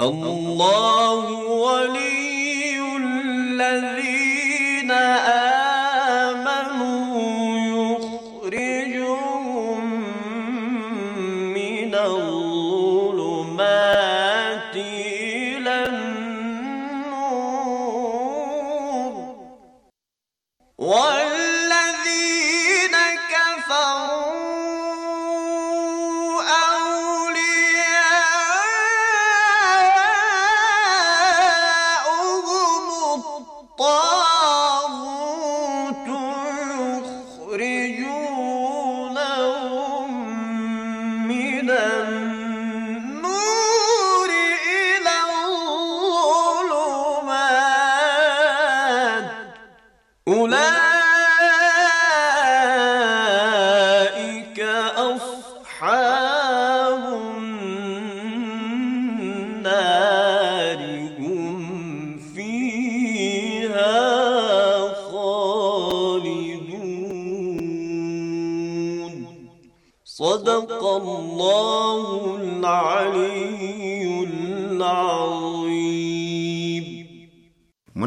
الله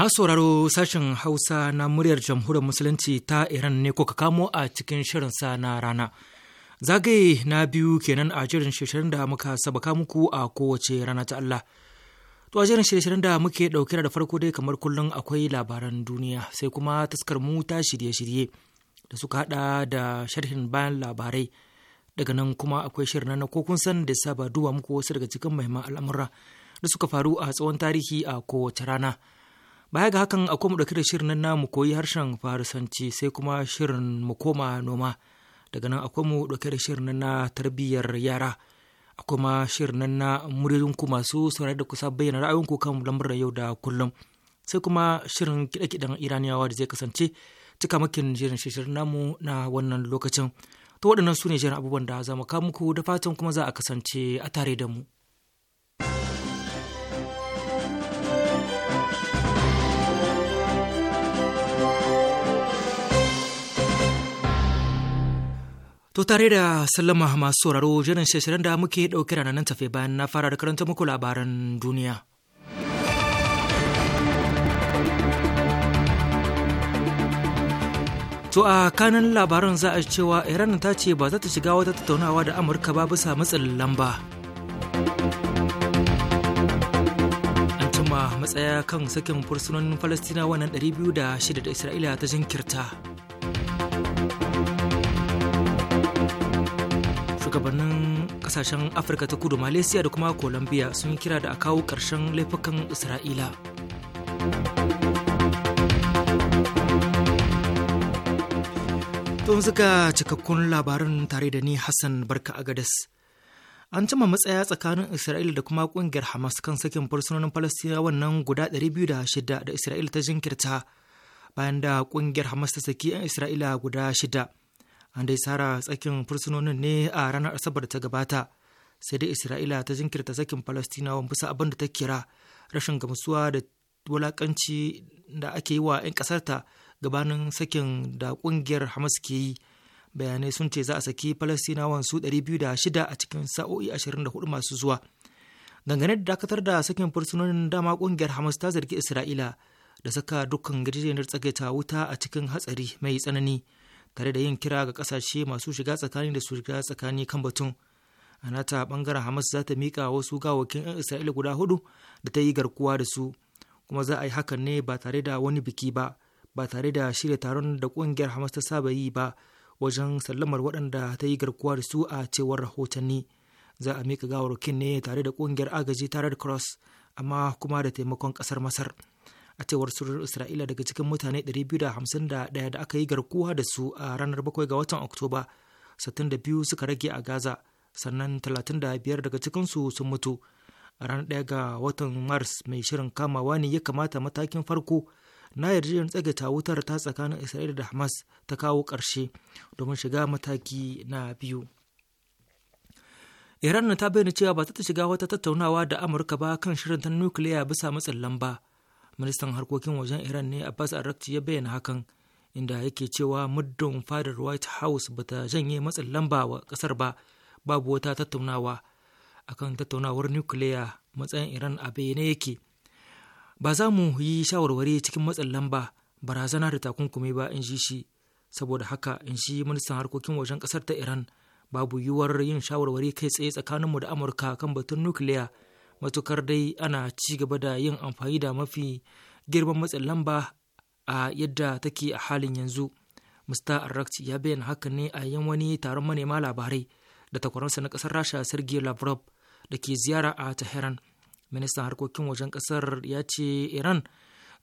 Masu sauraro sashen Hausa na muryar jamhuriyar Musulunci ta Iran ne kuka kamo a cikin shirinsa na rana. Zagaye na biyu kenan a jirin shirin da muka sabaka muku a kowace rana ta Allah. To a jirin shirin da muke ɗauke da farko dai kamar kullum akwai labaran duniya sai kuma taskar mu ta shirye-shirye da suka haɗa da sharhin bayan labarai. Daga nan kuma akwai shirin na ko kun san da saba duba muku wasu daga cikin muhimman al'amura da suka faru a tsawon tarihi a kowace rana. Baya ga hakan akwai mu ɗauki da shirin nan namu koyi harshen Farisanci sai kuma shirin mu koma noma. Daga nan akwai mu ɗauke da shirin nan na tarbiyyar yara. Akwai ma shirin nan na muryoyin ku masu saurari da kusa bayyana ku kan lamarin yau da kullum. Sai kuma shirin kiɗe-kiɗen Iraniyawa da zai kasance cika makin shirin shirin namu na wannan lokacin. To waɗannan su ne shirin abubuwan da za mu kawo muku da fatan kuma za a kasance a tare da mu. To tare da sallama masu sauraro jiran shirin da muke ɗauke da nan tafe bayan na fara da karanta muku labaran duniya. To a kanan labaran za a cewa Iran ta ce ba za ta shiga wata tattaunawa da Amurka ba bisa matsin lamba. An tuma matsaya kan sakin fursunonin Falastina wannan 206 da Isra'ila ta jinkirta. shugabannin kasashen afirka ta kudu malaysia da kuma colombia sun kira da a kawo ƙarshen laifukan isra'ila tun suka cikakkun labarin tare da ni hassan barka agadas an cima matsaya tsakanin isra'ila da kuma kungiyar hamas kan sakin fursunonin falastinawan nan guda 206 da isra'ila ta jinkirta bayan da kungiyar hamas ta saki 'yan isra'ila guda shida an dai sara tsakin fursunonin ne a ranar asabar ta gabata sai dai isra'ila ta jinkirta sakin falastinawan bisa abin da ta kira rashin gamsuwa da wulakanci da ake yi wa 'yan ƙasarta gabanin sakin da ƙungiyar hamas ke yi bayanai sun ce za a saki falastinawan su 206 a cikin sa'o'i 24 masu zuwa dangane da dakatar da sakin fursunonin dama ƙungiyar hamas ta zargi isra'ila da saka dukkan gajerenar tsagaita wuta a cikin hatsari mai tsanani tare da yin kira ga kasashe masu shiga tsakani da su shiga tsakani kan batun a nata bangaren hamas za ta mika wasu gawakin 'yan isra'ila guda hudu da ta yi garkuwa da su kuma za a yi hakan ne ba tare da wani biki ba ba tare da shirya taron da ƙungiyar hamas ta saba yi ba wajen sallamar waɗanda ta yi garkuwa da su a cewar rahotanni za a mika gawarkin ne tare da kungiyar agaji tare da cross amma kuma da taimakon ƙasar masar a cewar surar isra'ila daga cikin mutane 251 da aka yi garkuwa da su a ranar 7 ga watan oktoba 62 suka rage a gaza sannan 35 daga cikinsu sun mutu a ranar 1 ga watan mars mai shirin kamawa ne ya kamata matakin farko na yarjejen tsagaita wutar ta tsakanin isra'ila da hamas ta kawo ƙarshe domin shiga mataki na biyu iran ta bayyana cewa ba ta shiga wata tattaunawa da amurka ba kan shirin ta nukiliya bisa matsin lamba ministan harkokin wajen iran ne abbas arakci ya bayyana hakan inda yake cewa muddin fadar white house ba bata janye matsin lamba wa kasar ba babu wata tattaunawa kan tattaunawar nukiliya matsayin iran a bayyane yake ba za mu yi shawarwari cikin matsin lamba barazana da takunkumi ba in ji shi saboda haka in shi ministan harkokin wajen kasar ta iran babu yiwuwar yin shawarwari kai tsaye tsakaninmu da amurka kan batun nukiliya matukar dai ana ci gaba da yin amfani da mafi girman matsin lamba a yadda take a halin yanzu mr arrakt ya bayyana haka ne a yan wani taron manema labarai da takwaransa na kasar rasha sergey lavrov da ke ziyara a tehran ministan harkokin wajen kasar ya ce iran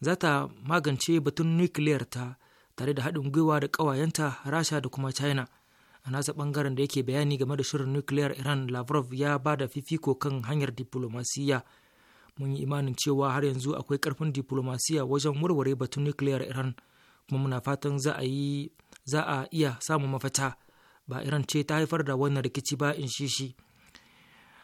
za ta magance batun nukiliyar ta tare da haɗin gwiwa da ƙawayenta rasha da kuma china a nasa bangaren da yake bayani game da shirin nukiliyar iran lavrov ya ba da fifiko kan hanyar diplomasiya mun yi imanin cewa har yanzu akwai karfin diplomasiya wajen warware batun nukiliyar iran kuma muna fatan za a yi za a iya samun mafita ba iran ce ta haifar da wannan rikici ba in shi shi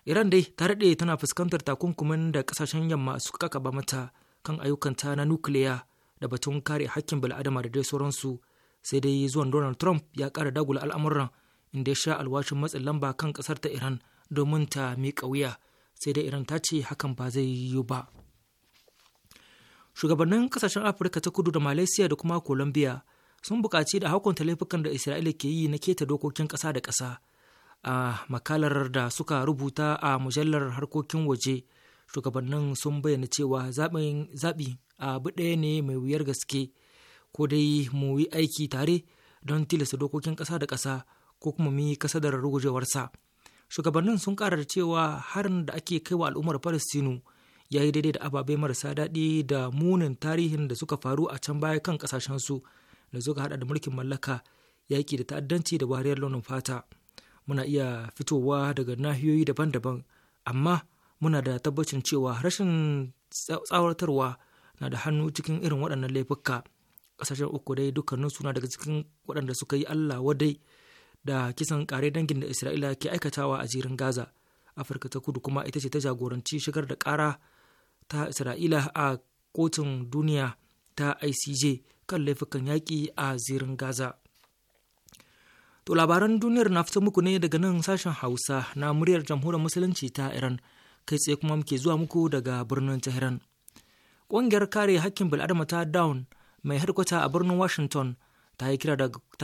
iran dai ta daɗe tana fuskantar takunkumin da kasashen yamma suka ba mata kan ayyukanta na nukiliya da batun kare hakkin bil'adama da dai sauransu sai dai zuwan donald trump ya ƙara dagula al'amuran inda ya sha alwashin matsin lamba kan ƙasar ta iran domin ta miƙa wuya sai dai iran ta ce hakan ba zai yiwu ba shugabannin kasashen afirka ta kudu da malaysia da kuma colombia sun buƙaci da hakunta laifukan da isra'ila ke yi na keta dokokin ƙasa da ƙasa a makalar da suka rubuta a mujallar harkokin waje shugabannin sun bayyana cewa zaɓi a ɗaya ne mai wuyar gaske ko dai mu yi aiki tare don tilasta dokokin ƙasa da ƙasa ko kuma mu yi da rugujewarsa shugabannin sun ƙara da cewa harin da ake kai wa al'ummar falastinu ya yi daidai da ababe marasa daɗi da munin tarihin da suka faru a can baya kan su da suka haɗa da mulkin mallaka yaƙi da ta'addanci da wariyar launin fata muna iya fitowa daga nahiyoyi daban-daban amma muna da tabbacin cewa rashin tsawatarwa na da hannu cikin irin waɗannan laifuka kasashen uku dai dukkanin suna daga cikin waɗanda suka yi allah wadai da kisan kare dangin da isra'ila ke aikatawa a jirin gaza afirka ta kudu kuma ita ce ta jagoranci shigar da ƙara ta isra'ila a kotun duniya ta icj kan laifukan yaƙi a zirin gaza to labaran duniyar na fito muku ne daga nan sashen hausa na muryar jamhuriyar musulunci ta iran kai tsaye kuma muke zuwa muku daga birnin tehran ƙungiyar kare haƙƙin bil'adama ta down mai harkwata a birnin washington ta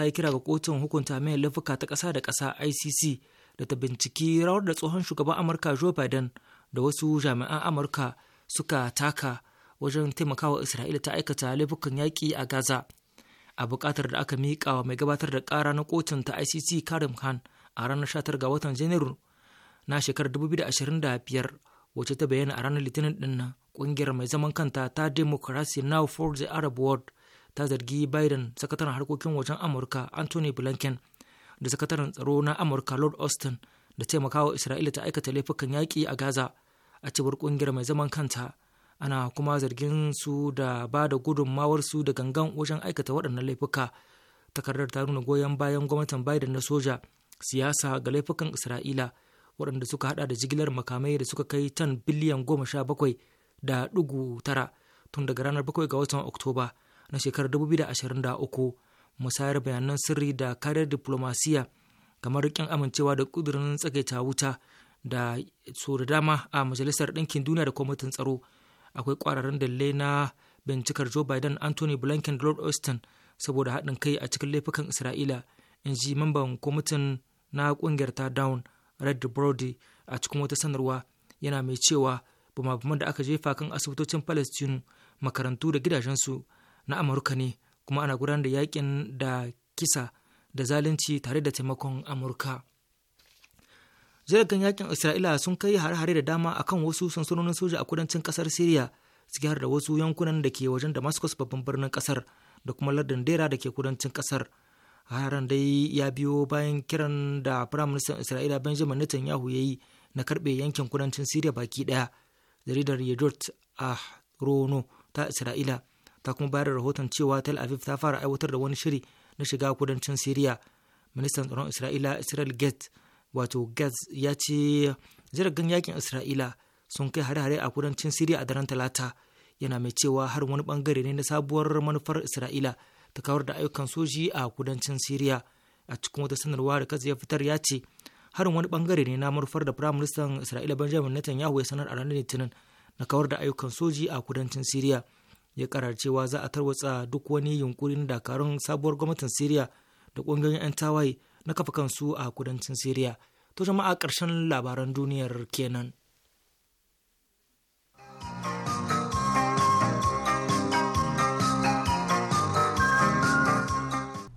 yi kira ga kotun hukunta mai laifuka ta kasa da kasa icc da ta binciki rawar da tsohon shugaban amurka joe biden da wasu jami'an amurka suka taka wajen taimakawa isra'ila ta aikata laifukan yaƙi a gaza a buƙatar da aka miƙa wa mai gabatar da ƙara na kotun ta icc karim khan a ranar 19 ga watan janairu na shekarar 2025 wacce ta bayyana a ranar litinin ɗin kungiyar mai zaman kanta ta Democracy Now for the Arab World ta zargi Biden, sakataren harkokin wajen Amurka Anthony Blinken da sakataren tsaro na Amurka Lord Austin da taimakawa Isra'ila ta aikata laifukan yaƙi a Gaza a cibar kungiyar mai zaman kanta. Ana kuma zargin su da ba da su da gangan wajen aikata waɗannan laifuka. Takardar ta nuna goyon bayan gwamnatin Biden na soja, siyasa ga laifukan Isra'ila waɗanda suka hada da jigilar makamai da suka kai tan biliyan goma sha bakwai da ɗugu tara tun daga ranar bakwai ga watan Oktoba na shekarar 2023 musayar bayanan sirri da kariyar diplomasiya kamar rikin amincewa da ƙudurin tsagaita wuta da so da dama a majalisar ɗinkin duniya da kwamitin tsaro akwai ƙwararren dalle na bincikar joe biden anthony blinken da lord austin saboda haɗin kai a cikin laifukan isra'ila in ji mamban kwamitin na ƙungiyar ta down red brody a cikin wata sanarwa yana mai cewa bumabuman da aka jefa kan asibitocin palestinu makarantu da gidajensu na amurka ne kuma ana gudanar da yakin da kisa da zalunci tare da taimakon amurka jiragen yakin isra'ila sun kai hare-hare da dama akan wasu sansanonin soja a kudancin kasar syria ciki har da wasu yankunan da ke wajen damascus babban birnin kasar da kuma lardin dera da ke kudancin kasar haran dai ya biyo bayan kiran da firaministan isra'ila benjamin netanyahu ya yi na karbe yankin kudancin syria baki daya jaridar yedot rono ta isra'ila ta kuma bayar da rahoton cewa tel aviv ta fara aiwatar da wani shiri na shiga kudancin siriya ministan tsaron isra'ila israel gate wato gaz ya ce jiragen yakin isra'ila sun kai hare-hare a kudancin siriya a daren talata yana mai cewa har wani bangare ne na sabuwar manufar isra'ila ta kawar da ayyukan soji a kudancin siriya a cikin wata sanarwa da kazi ya fitar ya ce harin wani bangare ne na murfar da firaministan isra'ila benjamin netanyahu ya sanar a ranar litinin na kawar da ayyukan soji a kudancin syria ya karar cewa za a tarwatsa duk wani yunkuri na dakarun sabuwar gwamnatin syria da ƙungiyoyin 'yan tawaye na kafa kansu a kudancin syria to jama'a ƙarshen labaran duniyar kenan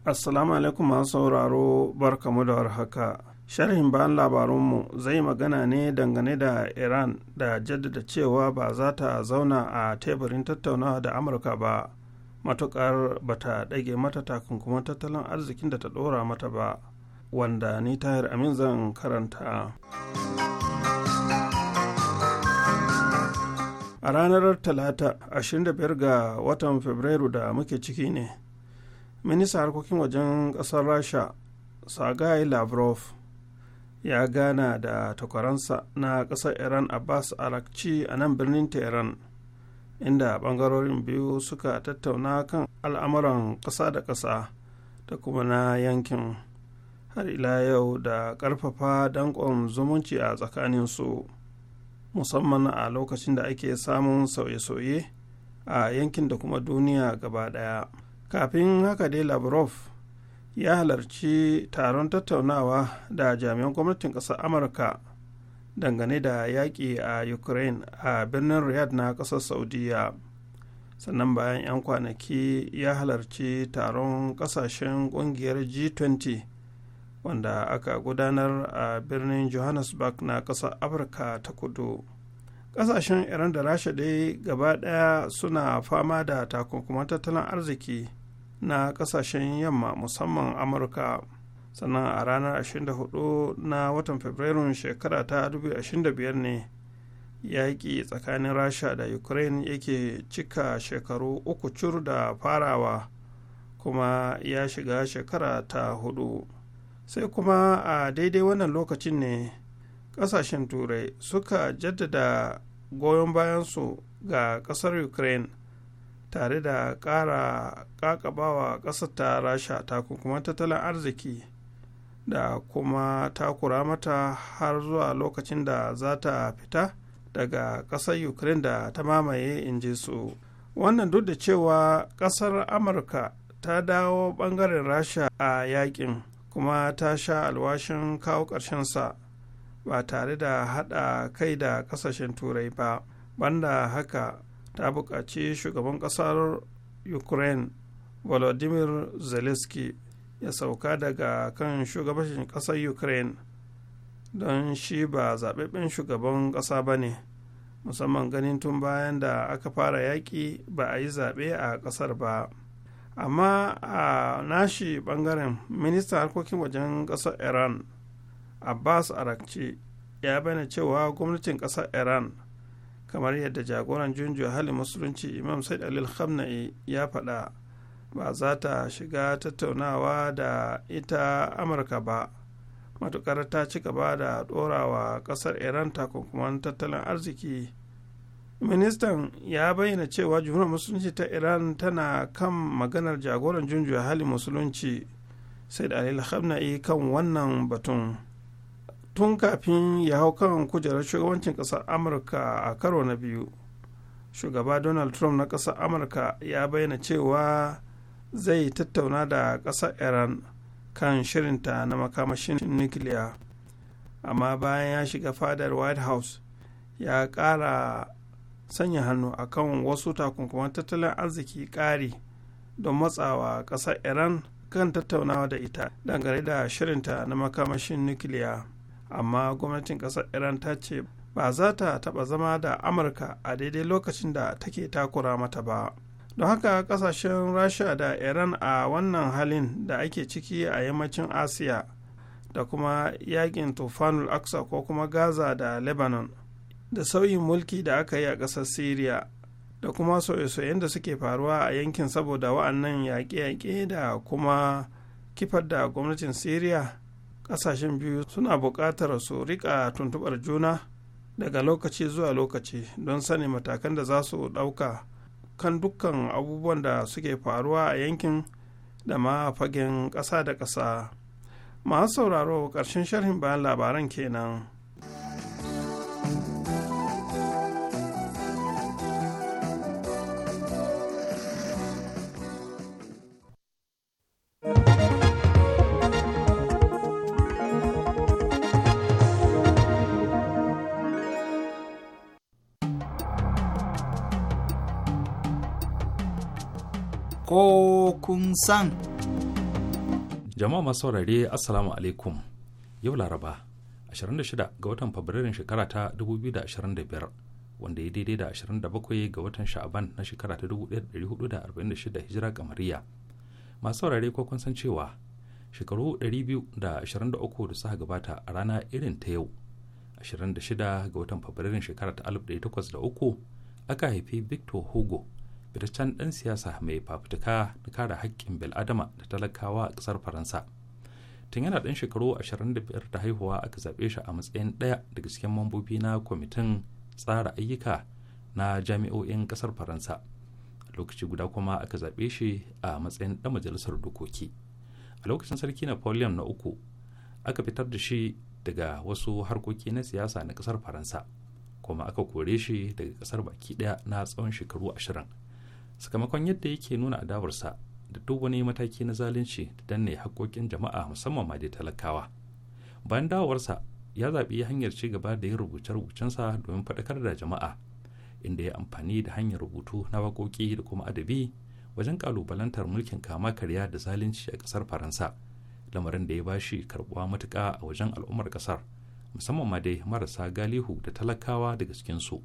assalamu alaikum masu sauraro barkamu da warhaka sharhin bayan labarunmu zai magana ne dangane da iran da jaddada cewa ba za ta zauna a teburin tattaunawa da amurka ba matukar ba ta ɗage mata takunkuman tattalin arzikin da ta ɗora mata ba wanda ni tahir amin zan karanta a ranar talata 25 ga watan fabrairu da muke ciki ne minista harkokin wajen ƙasar rasha sagai lavrov ya gana da takwaransa na ƙasar iran abbas alakci a nan birnin tehran inda ɓangarorin biyu suka tattauna kan al'amuran ƙasa da ƙasa da kuma na yankin har ila yau da ƙarfafa danƙon zumunci a tsakanin su musamman a lokacin da ake samun sauye-sauye a yankin da kuma duniya gaba ɗaya kafin haka dai lavrov ya halarci taron tattaunawa da jami'an gwamnatin ƙasar amurka dangane da yaƙi a ukraine a birnin riyadh na ƙasar saudiya sannan bayan 'yan kwanaki ya halarci taron ƙasashen ƙungiyar g20 wanda aka gudanar a birnin johannesburg na ƙasar afirka ta kudu ƙasashen iran da rasha dai gaba ɗaya suna fama da takunkuman tattalin arziki na kasashen yamma musamman amurka sannan a ranar 24 na watan fabrairun shekara ta 2025 ne yaƙi tsakanin rasha da ukraine yake cika shekaru uku cur da farawa kuma ya shiga shekara ta hudu sai kuma a daidai wannan lokacin ne kasashen turai suka jaddada goyon bayansu ga ƙasar ukraine tare da ƙara ƙaƙabawa ƙasar ta rasha kuma tattalin arziki da kuma ta takura mata har zuwa lokacin da za ta fita daga ƙasar ukraine da ta mamaye in ji su wannan duk da cewa ƙasar amurka ta dawo ɓangaren rasha a yakin kuma ta sha alwashin kawo ƙarshen sa ba tare da haɗa kai da ƙasashen turai ba banda haka ta buƙaci shugaban ƙasar ukraine volodymyr zelensky ya sauka daga kan shugabancin ƙasar ukraine don shi ba zaɓaɓɓen shugaban ƙasa ba ne musamman ganin tun bayan da aka fara yaƙi ba a yi zaɓe a ƙasar ba amma a nashi ɓangaren ministan harkokin wajen ƙasar iran abbas arakci ya bayyana cewa gwamnatin ƙasar iran kamar yadda jagoran junjo halin musulunci imam said alil khamna'i ya faɗa ba za ta shiga tattaunawa da ita amurka ba matukar ta ci gaba da ɗorawa ƙasar iran takunkuman tattalin arziki ministan ya bayyana cewa jumhuriyar musulunci ta iran tana kan maganar jagoran junjo halin musulunci said alil khamna'i kan wannan batun. tun kafin ya hau kan kujerar shugabancin ƙasar amurka a karo na biyu shugaba donald trump na ƙasar amurka ya bayyana cewa zai tattauna da ƙasar iran kan shirinta na makamashin nukiliya amma bayan ya shiga fadar white house ya ƙara sanya hannu a kan wasu takunkuman tattalin arziki ƙari don matsawa ƙasar iran kan tattaunawa da ita dangane da shirinta na makamashin nukiliya amma gwamnatin kasar iran ta ce ba za ta taba zama da amurka a daidai lokacin da take takura mata ba don haka kasashen rasha da iran a wannan halin da ake ciki a yammacin asiya da kuma yakin tufanul aksa ko kuma gaza da lebanon da sauyin mulki da aka yi a kasar syria da kuma soye-soyen da suke faruwa a yankin saboda wa'annan yaƙe-yaƙe da kuma kifar da gwamnatin syria ƙasashen biyu suna buƙatar su riƙa tuntuɓar juna daga lokaci zuwa lokaci don sani matakan da za su ɗauka kan dukkan abubuwan da suke faruwa a yankin da ma fagen ƙasa da ƙasa masu sauraro ƙarshen sharhin bayan labaran kenan. ko kun san. Jama'a masu saurare Assalamu alaikum. Yau Laraba, 26 ga watan Fabrairun shekara ta 2025, wanda ya daidai da 27 ga watan Sha'aban na shekara ta 1446 Hijira kamariya. Masu saurare ko kun san cewa shekaru 223 da suka gabata a rana irin ta yau, 26 ga watan Fabrairun shekara ta 1803 aka haifi Victor Hugo fitaccen ɗan siyasa mai fafutuka da kare haƙƙin bil'adama da talakawa a ƙasar faransa tun yana ɗan shekaru 25 da haihuwa aka zaɓe shi a matsayin ɗaya daga cikin mambobi na kwamitin tsara ayyuka na jami'o'in ƙasar faransa lokaci guda kuma aka zaɓe shi a matsayin ɗan majalisar dokoki a lokacin sarki napoleon na uku aka fitar da shi daga wasu harkoki na siyasa na ƙasar faransa kuma aka kore shi daga ƙasar baki ɗaya na tsawon shekaru ashirin sakamakon yadda yake nuna adawarsa da duk wani mataki na zalunci da danne haƙƙoƙin jama'a musamman ma dai talakawa bayan dawowarsa ya zaɓi hanyar ci gaba da yin rubuce-rubucensa domin faɗakar da jama'a inda ya amfani da hanyar rubutu na waƙoƙi da kuma adabi wajen ƙalubalantar mulkin kama karya da zalunci a ƙasar faransa lamarin da ya ba shi karɓuwa matuƙa a wajen al'ummar ƙasar musamman ma dai marasa galihu da talakawa daga cikinsu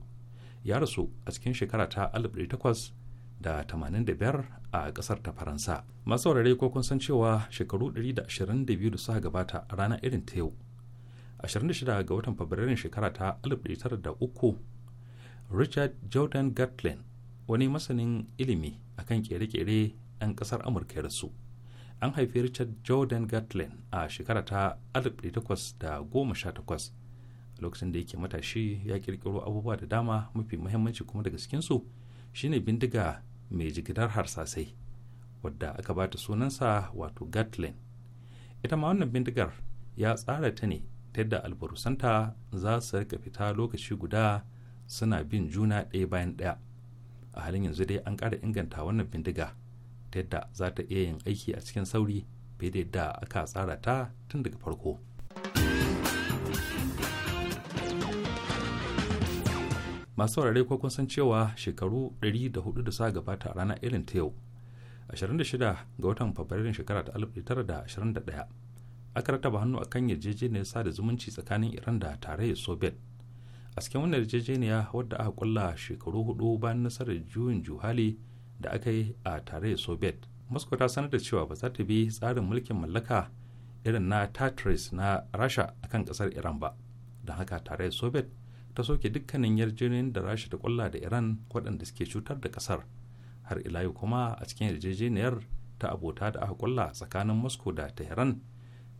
ya rasu a cikin shekara ta 1800 da 85 a kasar ta faransa masu saurare ko kun san cewa shekaru 122 da suka gabata a ranar irin ta yau 26 ga watan fabrairun shekara ta 1903 richard jordan gatlin wani masanin ilimi akan kere-kere ɗan ƙasar amurka ya rasu an haifi richard jordan gatlin a shekara ta 1818 lokacin da yake matashi ya kirkiro abubuwa da dama mafi muhimmanci kuma daga cikinsu shine bindiga mai jigilar harsasai wadda aka ba ta sunansa wato gatlin ita ma wannan bindigar ya tsara ta ne ta yadda albarusanta za su rika fita lokaci guda suna bin juna ɗaya bayan ɗaya a halin yanzu dai an ƙara inganta wannan bindiga ta yadda za ta iya yin aiki a cikin sauri fiye da aka tsara ta tun daga farko. masu saurare ko kun san cewa shekaru 104 da suka gabata a rana irin ta yau 26 ga watan fabrairun shekara ta 1921 aka rataba hannu akan yarjejeniyar sa sada zumunci tsakanin iran da tarayyar soviet a cikin wannan yarjejeniya wadda aka kulla shekaru hudu bayan nasarar juyin juhali da aka yi a tarayyar soviet moscow ta sanar da cewa ba za ta bi tsarin mulkin mallaka irin na tatris na rasha akan kasar iran ba don haka tarayyar soviet ta soke dukkanin yarjejeniyar da rasha ta kulla da iran waɗanda suke cutar da kasar. har ila yau kuma a cikin yarjejeniyar ta abota da aka kulla tsakanin moscow da tehran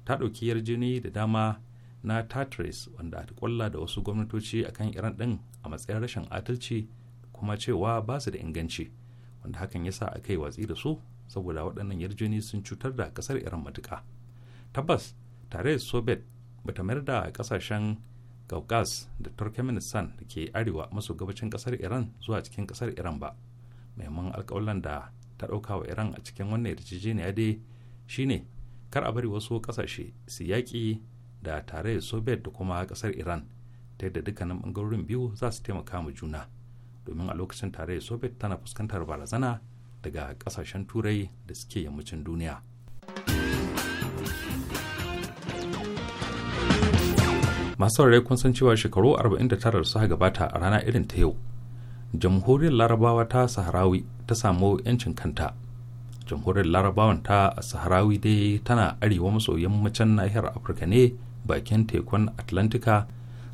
ta ɗauki yarjejeniyoyi da dama na tatris wanda ta kulla da wasu gwamnatoci akan iran ɗin a matsayin rashin adalci kuma cewa ba su da inganci wanda hakan yasa a kai watsi da su saboda waɗannan yarjejeniyoyi sun cutar da ƙasar iran matuƙa tabbas tare da soviet bata mayar da ƙasashen Kaukas da turkmenistan da ke arewa maso gabacin kasar iran zuwa cikin kasar iran ba maimakon alkawalan da ta ɗauka wa iran a cikin wannan yarjejeniya dai shine kar a bari wasu ƙasashe su yaƙi da tarayyar soviet da kuma kasar iran ta yadda dukkanin ɓangarorin biyu za su taimaka ma juna domin a lokacin tarayyar soviet tana fuskantar barazana daga ƙasashen turai da suke yammacin duniya. masu saurare kun san cewa shekaru 49 suka gabata a rana irin ta yau jamhuriyar larabawa ta saharawi ta samu 'yancin kanta jamhuriyar larabawan ta saharawi dai tana arewa maso yammacin nahiyar afirka ne bakin tekun atlantika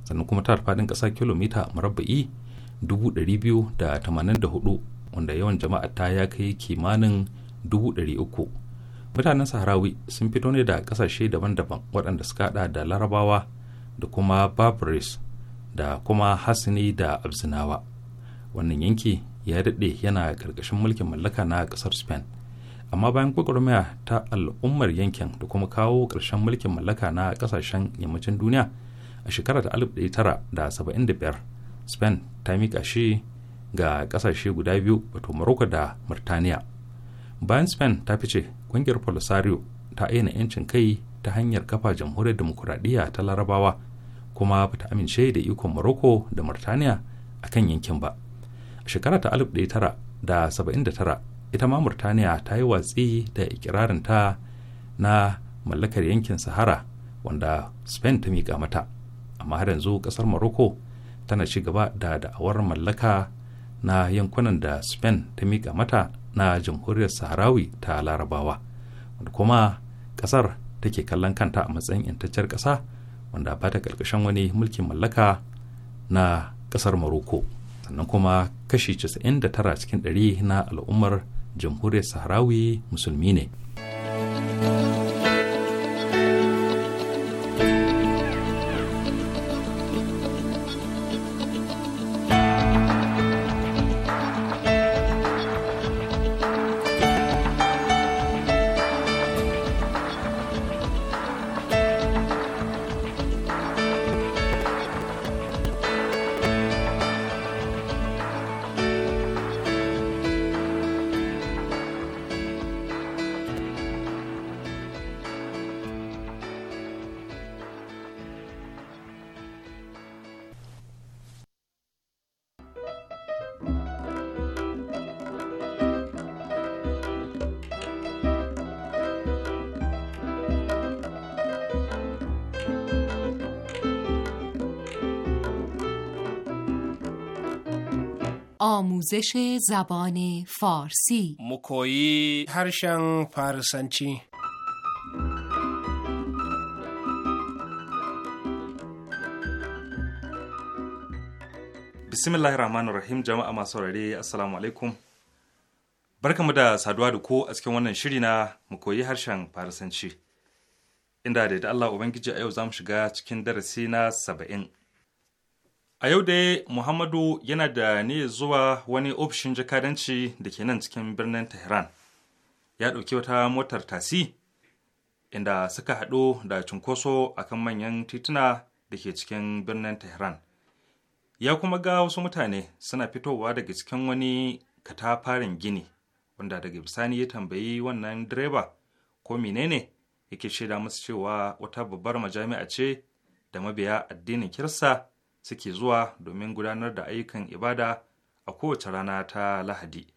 sannan kuma ta faɗin ƙasa kilomita murabba'i 284 wanda yawan jama'a ta ya kai kimanin 300 mutanen saharawi sun fito ne da kasashe daban-daban waɗanda suka hada da larabawa da kuma barbaris da kuma hasini da abzinawa wannan yanki ya daɗe yana ƙarƙashin mulkin mallaka na ƙasar spain amma bayan gwagwarmaya ta al'ummar yankin da kuma kawo ƙarshen mulkin mallaka na ƙasashen yammacin duniya a shekarar biyar spain ta miƙa shi ga ƙasashe guda biyu wato morocco da murtaniya bayan spain ta fice ƙungiyar polisario ta aina 'yancin kai ta hanyar kafa jamhuriyar demokuraɗiyya ta larabawa kuma ba ta amince da ikon morocco da murtaniya a kan yankin ba a shekara ta 1979 ita ma murtaniya ta yi watsi da ikirarin ta na mallakar yankin sahara wanda spain ta miƙa mata amma har yanzu ƙasar morocco tana ci gaba da da'awar mallaka na yankunan da spain ta miƙa mata na jamhuriyar saharawi ta larabawa wanda kuma ƙasar take kallon kanta a matsayin intacciyar ƙasa wanda ba ta ƙarƙashin wani mulkin mallaka na ƙasar maroko Sannan kuma kashi 99 cikin ɗari na al'ummar jamhuriyar Sahrawi musulmi ne. آموزش زبان فارسی مکویی هرشن فارسنچی bismillahir rahmanir rahim jama'a masu saurare assalamu alaikum barkamu da saduwa da ko a cikin wannan shiri na mu koyi harshen farisanci inda da Allah ubangiji a yau za mu shiga cikin darasi na saba'in A yau dai Muhammadu yana da ne zuwa wani ofishin jakadanci da ke nan cikin birnin Tehran. Ya ɗauki wata motar tasi inda suka haɗu da cunkoso akan manyan tituna da ke cikin birnin Tehran. Ya kuma ga wasu mutane suna fitowa daga cikin wani katafarin gini wanda daga bisani ya tambayi wannan direba ko menene yake shaida masu cewa wata babbar majami'a ce da mabiya addinin kirsa suke zuwa domin gudanar da ayyukan ibada a kowace rana ta lahadi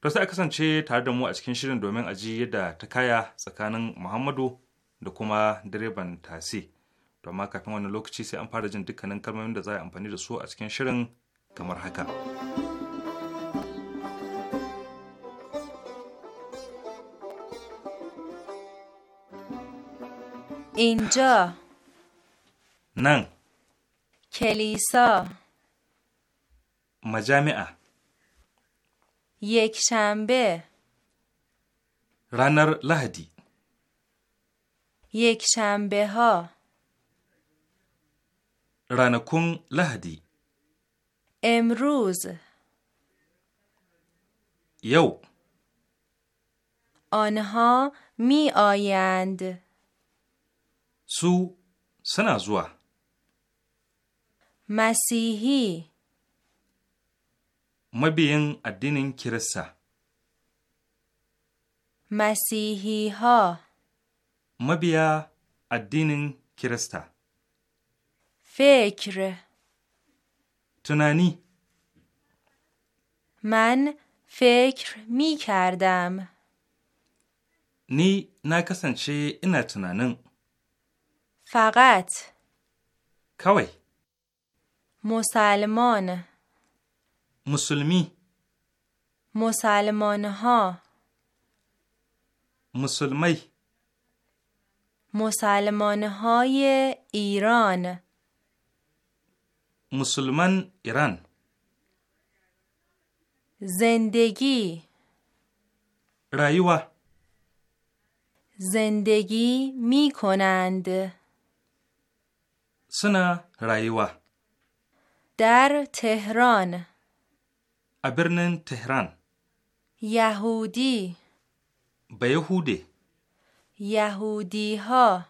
to sai a kasance tare da mu a cikin shirin domin a ji yadda ta kaya tsakanin muhammadu da kuma direban tasi to amma kafin wani lokaci sai an fara jin dukkanin kalmomin da za a amfani da su a cikin shirin kamar haka. Inja. Nan. کلیسا مجامع یک شنبه رانر لهدی یک شنبه ها رانکون لهدی امروز یو آنها می آیند سو سنازوه Masihi Mabiyin addinin Kirista Masihi ha Mabiya addinin Kirista Fekir Tunani Man fekir mi kardam Ni na kasance ina tunanin Fagat Kawai مسلمان مسلمی مسلمان ها مسلمی مسلمان های ایران مسلمان ایران زندگی رایوه زندگی می کنند سنا رایوه در تهران ابرنن تهران یهودی به یهودی یهودی ها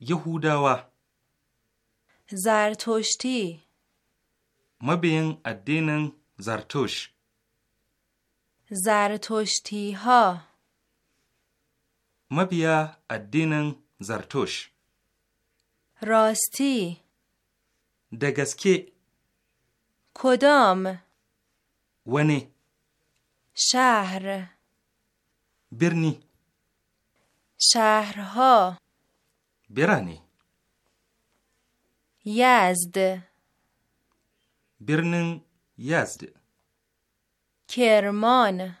یهوداوا زرتشتی مبین الدین زرتوش زرتشتی ها مبیا الدین زرتوش راستی دگسکی کدام ونی شهر برنی شهرها برانی یزد برنن یزد کرمان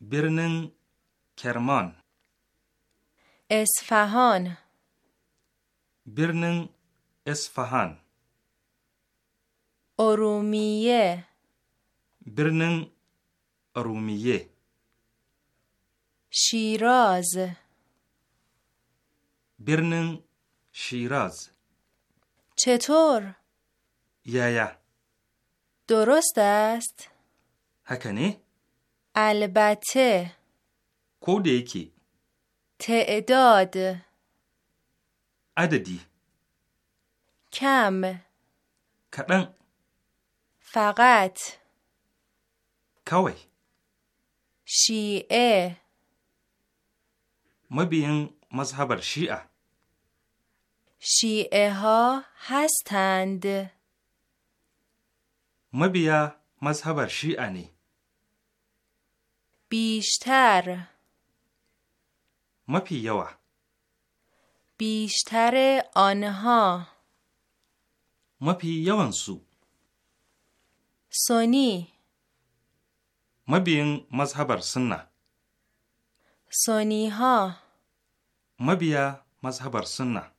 برنن کرمان اصفهان برنن اسفهان ارومیه برنن ارومیه شیراز برنن شیراز چطور؟ یا یا درست است؟ هکنه؟ البته کوده یکی تعداد عددی کم کدن فقط کوی شیعه مبین مذهب شیعه شیعه ها هستند مبیا مذهب شیعه نی بیشتر مپی یوا بیشتر آنها mafi yawan su. ne. Mabiyin mazhabar sunna. So ha. Mabiya mazhabar sunna.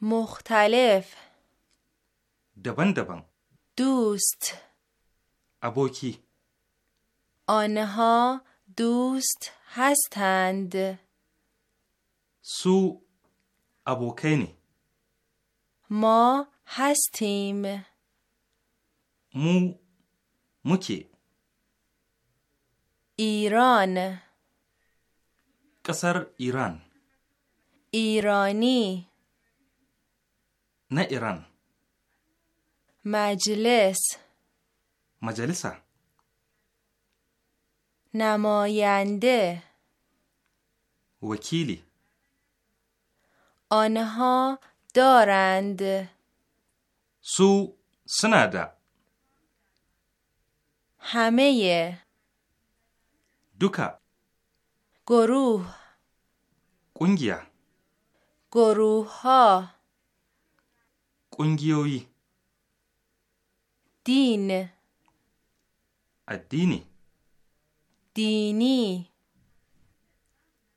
Mukhtalif. Daban-daban. Dust. Aboki. Anha dust hastand. Su abokai ne. Mo. هستیم مو مکی ایران قصر ایران ایرانی نه ایران مجلس مجلسه نماینده وکیلی آنها دارند su suna da hameye duka guru Kungiya. guru ha ƙungiyoyi din addini dini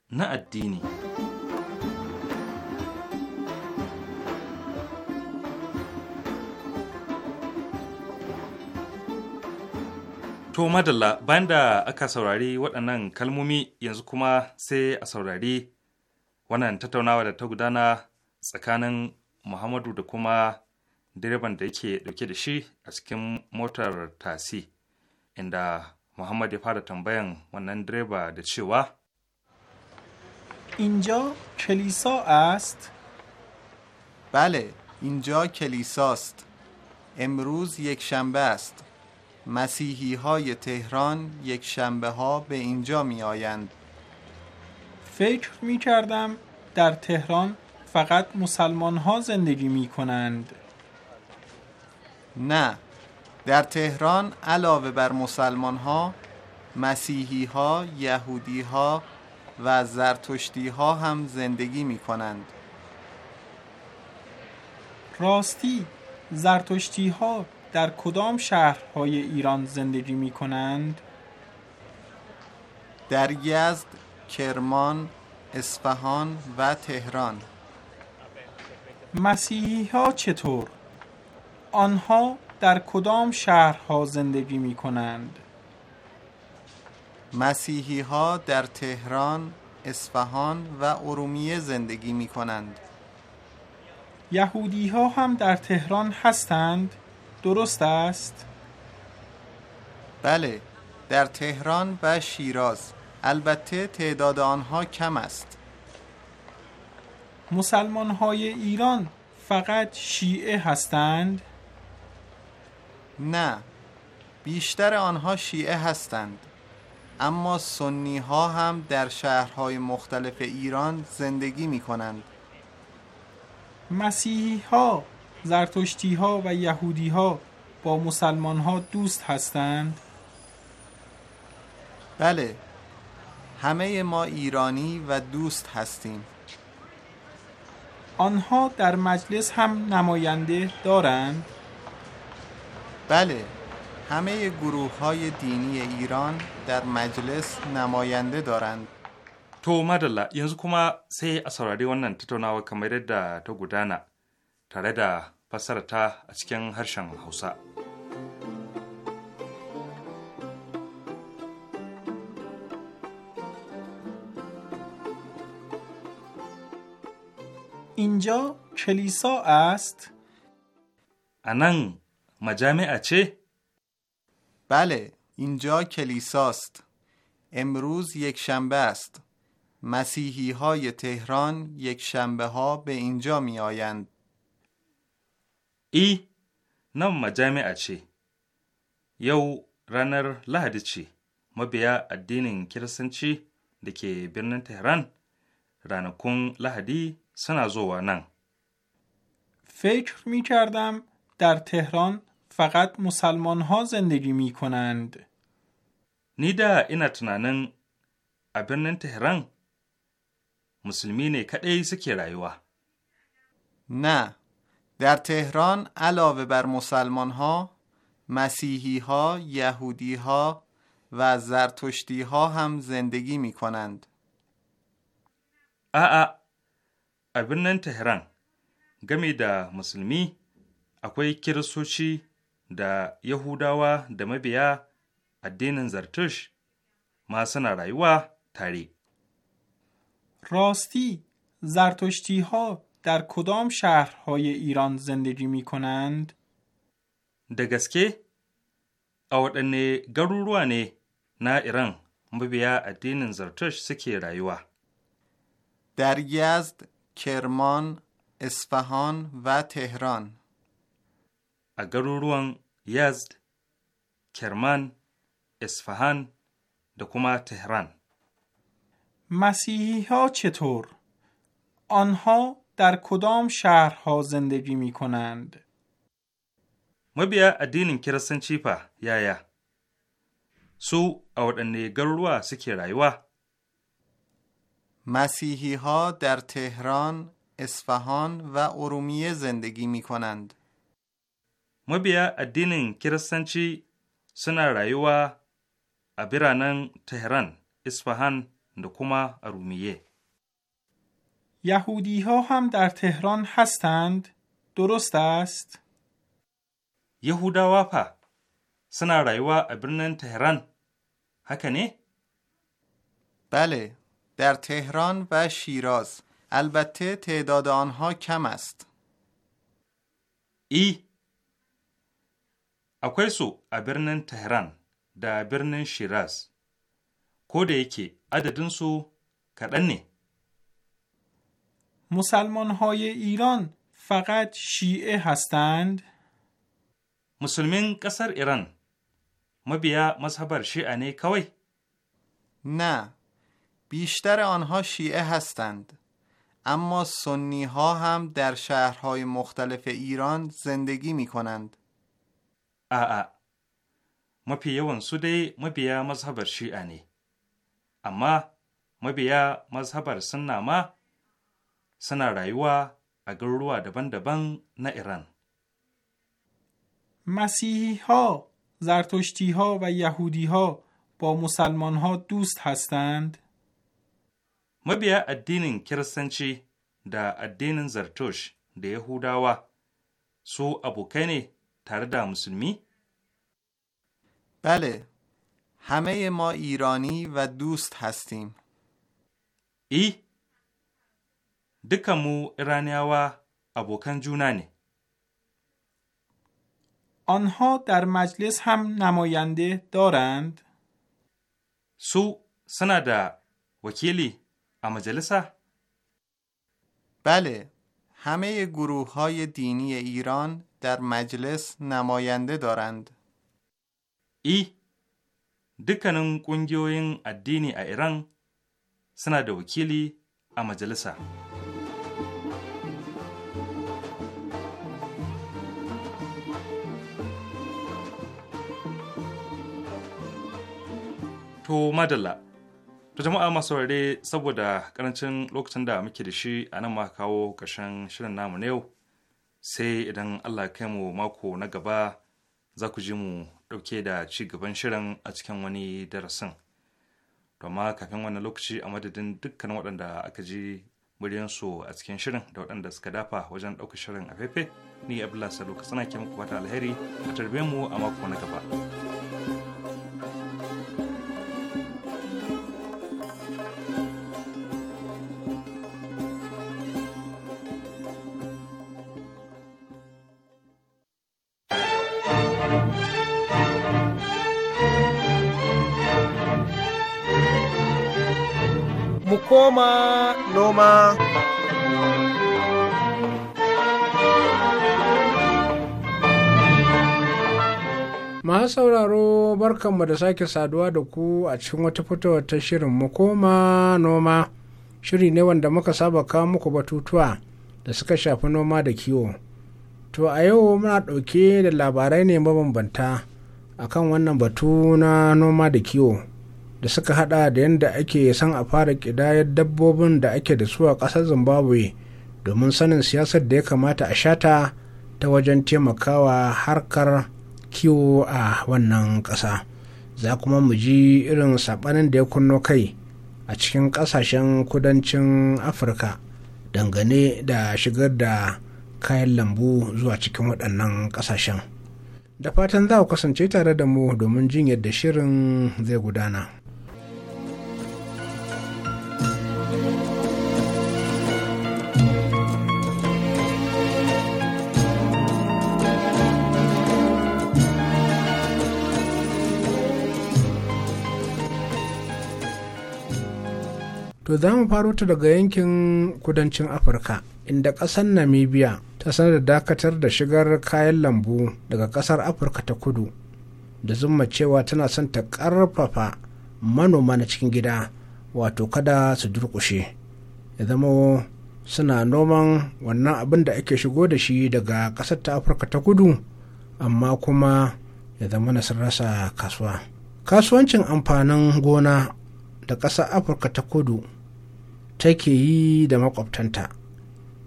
na addini To madalla bayan da aka saurari waɗannan kalmomi yanzu kuma sai a saurari wannan tattaunawa da ta gudana tsakanin Muhammadu da kuma direban da yake dauke da shi a cikin motar tasi inda Muhammad ya fara tambayan wannan direba da cewa اینجا کلیسا است؟ بله، اینجا کلیساست. امروز یک شنبه است. مسیحی های تهران یک شنبه ها به اینجا می آیند فکر می کردم در تهران فقط مسلمان ها زندگی می کنند نه در تهران علاوه بر مسلمان ها مسیحی ها یهودی ها و زرتشتی ها هم زندگی می کنند راستی زرتشتی ها در کدام شهرهای ایران زندگی می کنند؟ در یزد، کرمان، اصفهان و تهران مسیحی ها چطور؟ آنها در کدام شهرها زندگی می کنند؟ مسیحی ها در تهران، اصفهان و ارومیه زندگی می کنند. یهودی ها هم در تهران هستند؟ درست است؟ بله در تهران و شیراز البته تعداد آنها کم است مسلمان های ایران فقط شیعه هستند؟ نه بیشتر آنها شیعه هستند اما سنی ها هم در شهرهای مختلف ایران زندگی می کنند مسیحی ها زرتشتی ها و یهودی ها با مسلمان ها دوست هستند؟ بله همه ما ایرانی و دوست هستیم آنها در مجلس هم نماینده دارند؟ بله همه گروه های دینی ایران در مجلس نماینده دارند تو مدلا yanzu کما sai a saurari wannan کمیره kamar تو fassarata a cikin اینجا کلیسا است؟ مجامع چه؟ بله اینجا کلیساست امروز یک شنبه است مسیحی های تهران یک شنبه ها به اینجا می آیند E, nan majami'a ce, yau ranar lahadi ce, mabiya addinin Kiristanci da ke birnin Tehran ranakun lahadi suna zowa nan. Fekir mi kardam, dar Tehran fakat musalman ha da mi konand. Nida ina tunanin a birnin Tehran, musulmi ne kaɗai suke rayuwa. Na, در تهران علاوه بر مسلمان ها مسیحی ها یهودی ها و زرتشتی ها هم زندگی می کنند ا ا تهران گمی دا مسلمی اکوی کرسوچی دا یهوداوا و مبیا ادین زرتش ما سنا رایوا تاری راستی زرتشتی ها در کدام شهرهای ایران زندگی می کنند؟ دگسکه اوادنه گروروانی نه ایران مبیا ادین زرتش سکی رایوا در یزد، کرمان، اصفهان و تهران اگروروان یزد، کرمان اصفهان دکوما تهران. مسیحی ها چطور؟ آنها در کدام شهرها زندگی می کنند؟ مبیا ادینین کرسنچی یا یا. سو او waɗanne garuruwa سکی مسیحی ها در تهران، اصفهان و ارومیه زندگی می کنند. مبیا ادینین کرسنچی سنا رایوا ابرانن تهران، اصفهان نکوما ارومیه یهودی ها هم در تهران هستند؟ درست است؟ یهودا واپا سنا رایوا ابرنن تهران هکنی؟ بله در تهران و شیراز البته تعداد آنها کم است ای اکوی سو ابرنن تهران. در ابرنن شیراز. Shiraz, ای که مسلمان های ایران فقط شیعه هستند؟ مسلمین قصر ایران بیا مذهب شیعه نه کوی؟ نه بیشتر آنها شیعه هستند اما سنی ها هم در شهرهای مختلف ایران زندگی می کنند آآ ما پیوان سوده بیا مذهب شیعه نه اما ما مذهب سنه ما suna rayuwa a garuruwa daban-daban na Iran. مسیحی ها، زرتشتی ها و یهودی ها با مسلمان ها دوست هستند؟ مبیا ادینین کرسنچی دا ادینین زرتوش دا یهوداوا سو ابوکنی تر دا مسلمی؟ بله همه ما ایرانی و دوست هستیم ای dukanmu iraniyawa abokan juna ne آنها در مجلس هم نماینده دارند؟ سو سندا وکیلی اما جلسه؟ بله همه گروه های دینی ایران در مجلس نماینده دارند ای دکنن کنگیوین الدینی ایران سندا وکیلی اما جلسه To Madala To jama'a masu saurare saboda karancin lokacin da muke da shi a nan ma kawo ƙarshen shirin namu na yau sai idan Allah kai mu mako na gaba za ku ji mu ɗauke da ci gaban shirin a cikin wani darasin. To amma kafin wannan lokaci a madadin dukkan waɗanda aka ji muryansu a cikin shirin da waɗanda suka dafa wajen ɗaukar shirin a fefe ni abdullahi salo ka sana ke muku fata alheri a tarbe mu a mako na gaba. noma noma. Masu sauraro barkanmu da sake saduwa da ku a cikin wata fitowar ta shirin mu koma noma. Shiri ne wanda muka saba kawo muku batutuwa da suka shafi noma da kiwo. To a yau muna ɗauke da labarai ne mabambanta akan wannan batu na noma da kiwo. da suka hada da yadda ake san a fara kidayar dabbobin da ake da su a ƙasar zimbabwe domin sanin siyasar da ya kamata a shata ta wajen taimakawa harkar kiwo a wannan ƙasa za kuma mu ji irin saɓanin da ya kunno kai a cikin ƙasashen kudancin afirka dangane da shigar da kayan lambu zuwa cikin waɗannan ƙasashen da fatan za ku kasance tare da mu domin jin yadda shirin zai gudana. To za mu faro ta daga yankin kudancin Afirka, inda ƙasar Namibia ta sanar da dakatar da shigar kayan lambu daga ƙasar Afirka ta kudu, da zuma cewa tana son ta ƙarfafa manoma na cikin gida, wato kada su durƙushe. Ya zama suna noman wannan abin da ake shigo da shi daga ƙasar ta Afirka ta kudu, amma kuma ya zama na rasa kasuwa. Kasuwancin amfanin gona da ƙasar Afirka ta kudu take yi da makwabtanta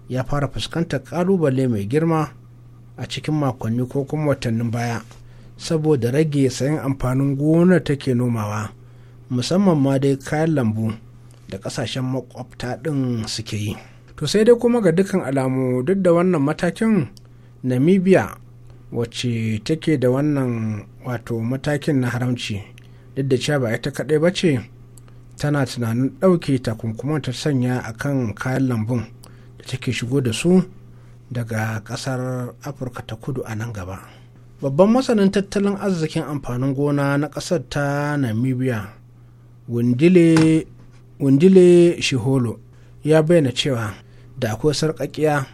ya fara fuskantar kalubale mai girma a cikin makonni ko kuma watannin baya saboda rage sayan amfanin gonar take nomawa musamman ma dai kayan lambu da kasashen makwabta ɗin suke yi to sai dai kuma ga dukkan alamu duk da wannan matakin namibia wacce take da wannan wato matakin na haramci duk da cewa ba ita kaɗai ba ce tana tunanin ɗauke takunkuman ta sanya a kan kayan lambun da take shigo da su daga ƙasar afirka ta kudu a nan gaba babban masanin tattalin arzikin amfanin gona na ƙasar ta namibia wundile, shiholo ya bayyana cewa da akwai sarƙaƙiya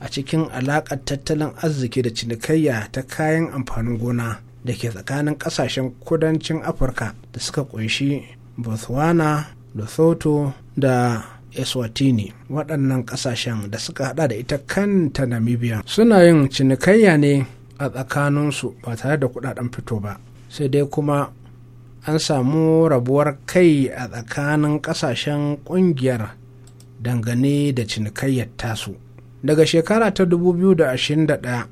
a cikin alaƙar tattalin arziki da cinikayya ta kayan amfanin gona da ke tsakanin ƙasashen kudancin afirka da suka ƙunshi. botswana lesotho da eswatini waɗannan ƙasashen da suka haɗa da ita kanta namibia suna yin cinikayya ne a tsakaninsu ba tare da kuɗaɗen fito ba sai dai kuma an samu rabuwar kai a tsakanin ƙasashen ƙungiyar dangane da cinikayyar tasu daga shekara ta 2021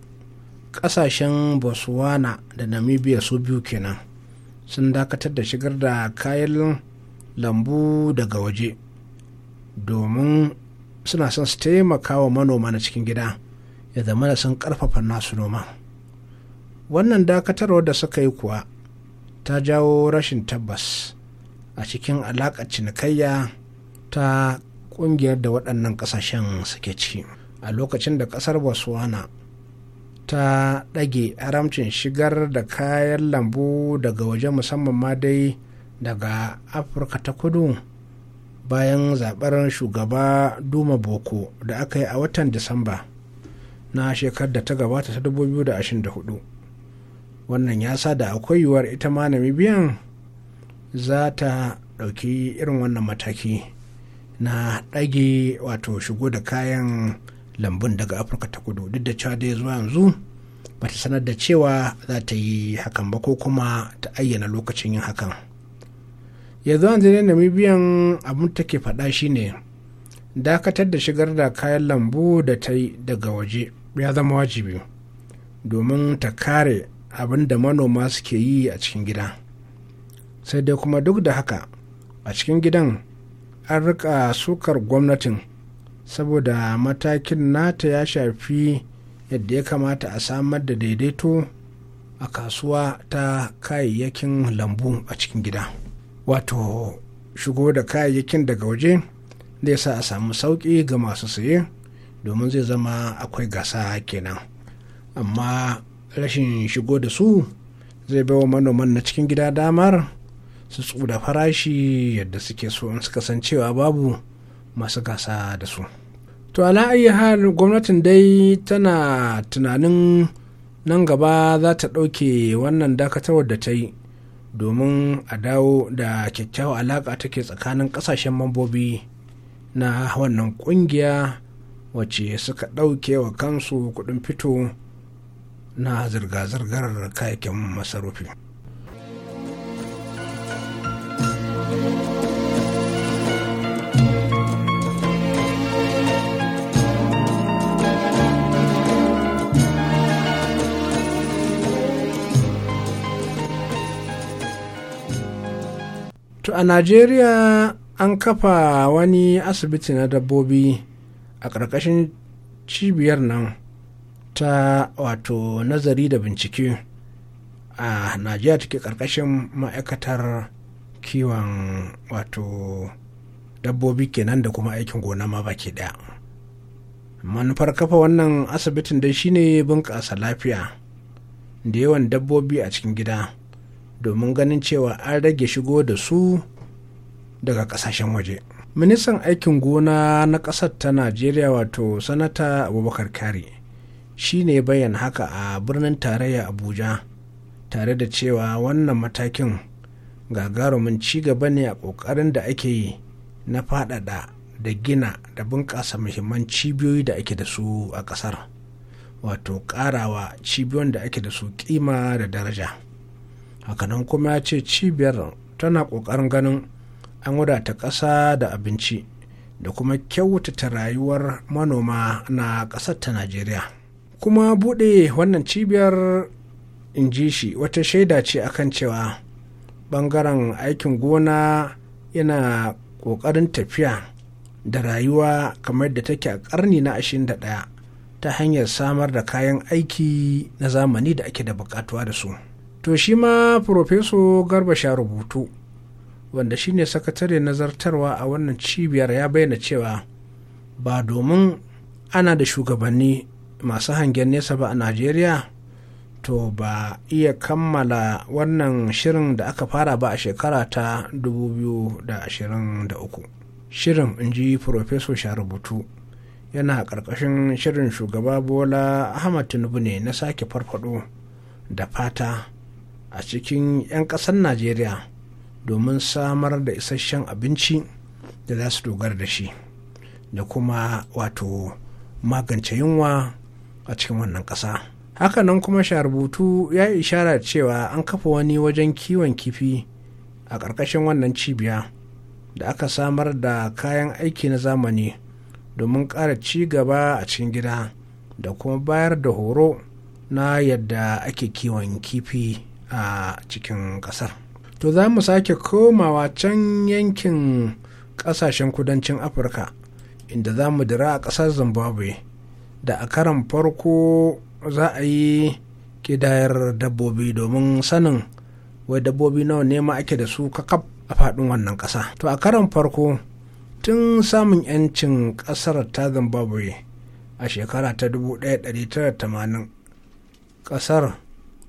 ƙasashen botswana da namibia su biyu kenan sun dakatar da shigar da kayan lambu daga waje domin suna son su taimaka wa manoma na cikin gida ya zama da sun karfafa nasu noma wannan dakatarwar da suka yi kuwa ta jawo rashin tabbas a cikin alaƙar cinikayya ta ƙungiyar da waɗannan ƙasashen suke ciki a lokacin da ƙasar botswana ta ɗage haramcin shigar da kayan lambu daga waje musamman ma dai daga afirka ta kudu bayan zaɓar shugaba duma boko da aka yi a watan disamba na shekar da ta gabata ta 2024 wannan ya sa da akwai yiwuwar ita ma namibiyan za ta ɗauki irin wannan mataki na ɗage wato shigo da kayan lambun daga afirka ta kudu duk da cewa dai zuwa yanzu ba ta sanar da cewa za ta yi hakan ba ko kuma ta ayyana lokacin yin hakan yanzu yanzu ne namibiyan abin take faɗa shine dakatar da shigar da kayan lambu da ta yi daga waje ya zama wajibi domin ta kare abin da manoma suke yi a cikin gida sai dai kuma duk da haka a cikin gidan an rika sukar gwamnatin saboda matakin nata ya shafi yadda ya kamata a samar da daidaito a kasuwa ta kayayyakin lambu a cikin gida wato shigo da kayayyakin daga waje zai sa a samu sauƙi ga masu saye domin zai zama akwai gasa kenan amma rashin shigo da su zai baiwa manoman na cikin gida damar su tsuda farashi yadda suke so in suka san cewa babu masu gasa da su. to ayi hal gwamnatin dai tana tunanin nan gaba za ta ɗauke wannan dakatarwar da ta yi domin a dawo da kyakkyawa alaƙa take tsakanin ƙasashen mambobi na wannan ƙungiya wacce suka ɗauke wa kansu kuɗin fito na zirga-zirgar kayakin masarufi. to a najeriya an kafa wani asibiti na dabbobi a ƙarƙashin cibiyar nan ta wato nazari da bincike a najeriya take ƙarƙashin ma'aikatar kiwon wato dabbobi kenan da kuma aikin gona ma baki ɗaya manufar kafa wannan asibitin dai shine bunƙasa lafiya da yawan dabbobi a cikin gida domin ganin cewa an rage shigo da su daga kasashen waje ministan aikin gona na ƙasar ta najeriya wato sanata abubakar kari shi ne bayan haka a birnin tarayya abuja tare da cewa wannan matakin gagarumin ci gaba ne a ƙoƙarin da ake yi na faɗaɗa da gina da bunƙasa muhimman cibiyoyi da ake da su a ƙasar wato ƙarawa cibiyon da ake da su ƙima da daraja. hakanan kuma ya ce cibiyar tana kokarin ganin an wadata kasa da abinci da kuma kyautata rayuwar manoma na kasar ta najeriya kuma bude wannan cibiyar in ji shi wata shaida ce akan cewa bangaren aikin gona yana kokarin tafiya da rayuwa kamar da take a karni na 21 ta hanyar samar da kayan aiki na zamani da ake da buƙatuwa da su. to shi ma profeso garba sha rubutu wanda shi ne sakatare nazartarwa a wannan cibiyar ya bayyana cewa ba domin ana da shugabanni masu hangen nesa ba a najeriya to ba iya kammala wannan shirin da aka fara ba a shekara ta 2023 shirin in ji profeso sharubutu yana ƙarƙashin shirin shugaba bola ahmad tinubu ne na sake farfado da fata a cikin 'yan ƙasar najeriya domin samar da isasshen abinci da za su dogara da shi da kuma wato magance yunwa a cikin wannan ƙasa hakanan kuma sharubutu ya ishara cewa an kafa wani wajen kiwon kifi a ƙarƙashin wannan cibiya da aka samar da kayan aiki na zamani domin ƙara ci gaba a cikin gida da kuma bayar da horo na yadda ake kiwon kifi a cikin ƙasar to za mu sake komawa can yankin ƙasashen kudancin afirka inda za mu dira a ƙasar zimbabwe da a karan farko za a yi kidayar dabbobi domin sanin wai dabbobi nawa ne ma ake da su kakaf a faɗin wannan ƙasa to a karan farko tun samun 'yancin ƙasar ta zimbabwe a shekara ta 1980 ƙasar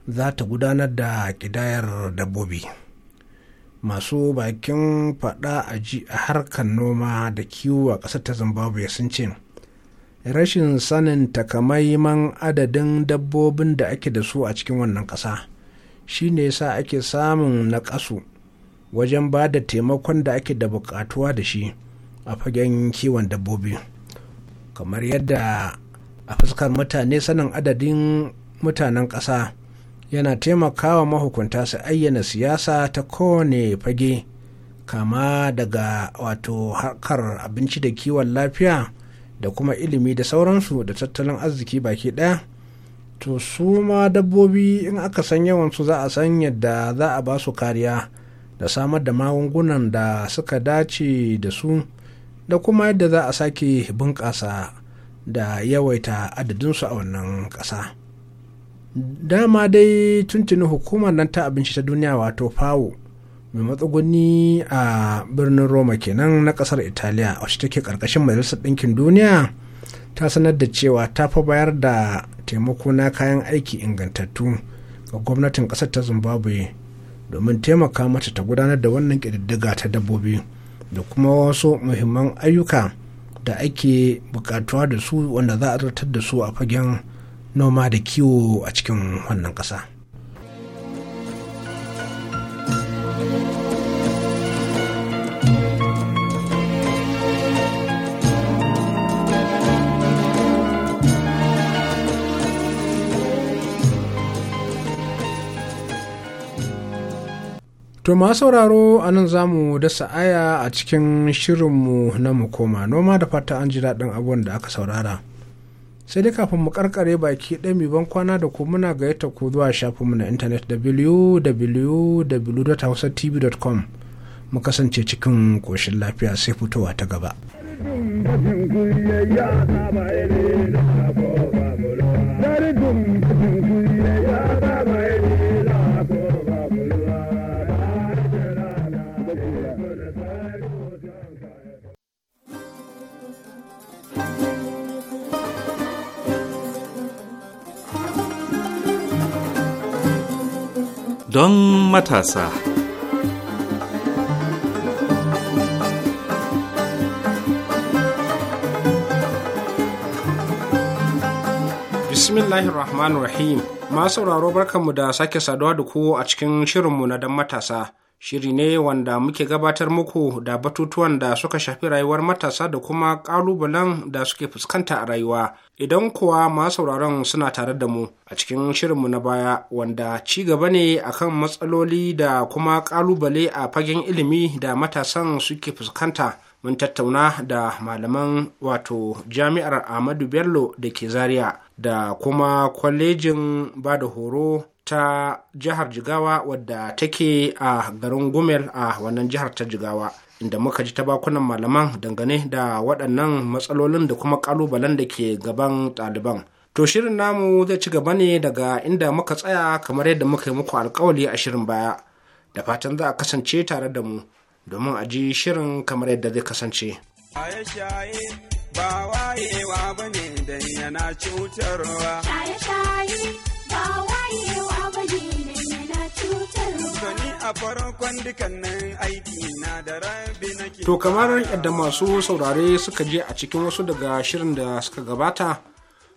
za ta gudanar da ƙidayar dabbobi masu bakin fada a ji a harkar noma da kiwo a ƙasar ta zimbabwe sun ce rashin sanin takamaiman adadin dabbobin da ake da su a cikin wannan ƙasa shi ne sa ake samun na naƙasu wajen ba da taimakon da ake da buƙatuwa da shi a fagen kiwon dabbobi kamar yadda a fuskar mutane sanin adadin mutanen ƙasa yana taimakawa mahukunta su ayyana siyasa ta kowane fage kama daga wato harkar abinci da kiwon lafiya da kuma ilimi da sauransu da tattalin arziki baki ɗaya to su ma dabbobi in aka san yawansu za a san yadda za a ba su kariya da samar da magungunan da suka dace da su da kuma yadda za a sake bunƙasa da yawaita adadinsu a wannan ƙasa. dama dai tuntuni hukumar nan ta abinci ta duniya wato fawo mai matsuguni a birnin roma kenan na kasar italiya wacce take karkashin majalisar ɗinkin duniya ta sanar da cewa ta fa bayar da taimako na kayan aiki ingantattu ga gwamnatin ƙasar ta zimbabwe domin taimaka mata ta gudanar da wannan ƙididdiga ta dabbobi da kuma wasu muhimman ayyuka da ake bukatuwa da su wanda za a zartar da su a fagen noma da kiwo a cikin wannan ƙasa. To ma sauraro a nan za mu dasa aya a cikin shirinmu na mu koma noma da fata an ji daɗin abubuwan da aka saurara. sai dai kafin mu karkare baki ɗaya mai ban kwana da ku muna gayyata ko zuwa shafin mu na intanet www.hausatv.com mu kasance cikin koshin lafiya sai fitowa ta gaba. Dari dum matasa. Bismillahir Rahmanir Rahim. Masu sauraro barkanmu da sake saduwa da ku a cikin shirinmu na dan matasa. shiri ne wanda muke gabatar muku da batutuwan da suka shafi rayuwar matasa da kuma ƙalubalen da suke fuskanta a rayuwa idan kuwa ma sauraron suna tare da mu a cikin shirinmu na baya wanda ci gaba ne akan matsaloli da kuma ƙalubale a fagen ilimi da matasan suke fuskanta mun tattauna da malaman wato jami'ar ahmadu bello da ke zaria da kuma kwalejin ba da horo ta jihar jigawa wadda take a garin gumel a wannan jihar ta jigawa inda muka ji ta bakunan malaman dangane da waɗannan matsalolin da kuma ƙalubalen da ke gaban ɗaliban to shirin namu zai ci gaba ne daga inda muka tsaya kamar yadda muka yi muku alkawali a shirin baya da fatan za a kasance tare da mu domin a ji shirin kamar yadda zai kasance ba wayewa bane da yana cutarwa shaye-shaye ba wayewa to kamar yadda masu saurare suka je a cikin wasu daga shirin da suka gabata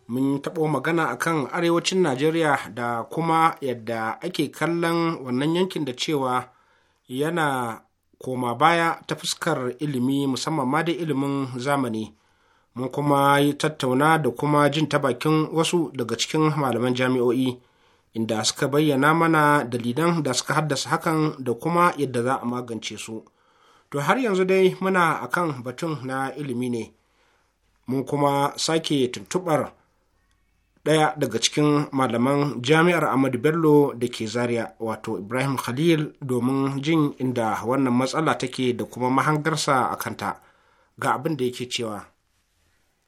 mun taɓo magana akan arewacin najeriya da kuma yadda ake kallon wannan yankin da cewa yana koma baya ta fuskar ilimi musamman ma da ilimin zamani mun kuma yi tattauna da kuma jin ta bakin wasu daga cikin malaman jami'o'i inda suka bayyana mana dalilan da suka haddasa hakan da kuma yadda za a magance su to har yanzu dai muna akan batun na ilimi ne mun kuma sake tuntubar ɗaya daga cikin malaman jami'ar Ahmadu Bello da ke Zaria wato Ibrahim Khalil domin jin inda wannan matsala take da kuma mahangarsa a kanta ga abin da yake cewa.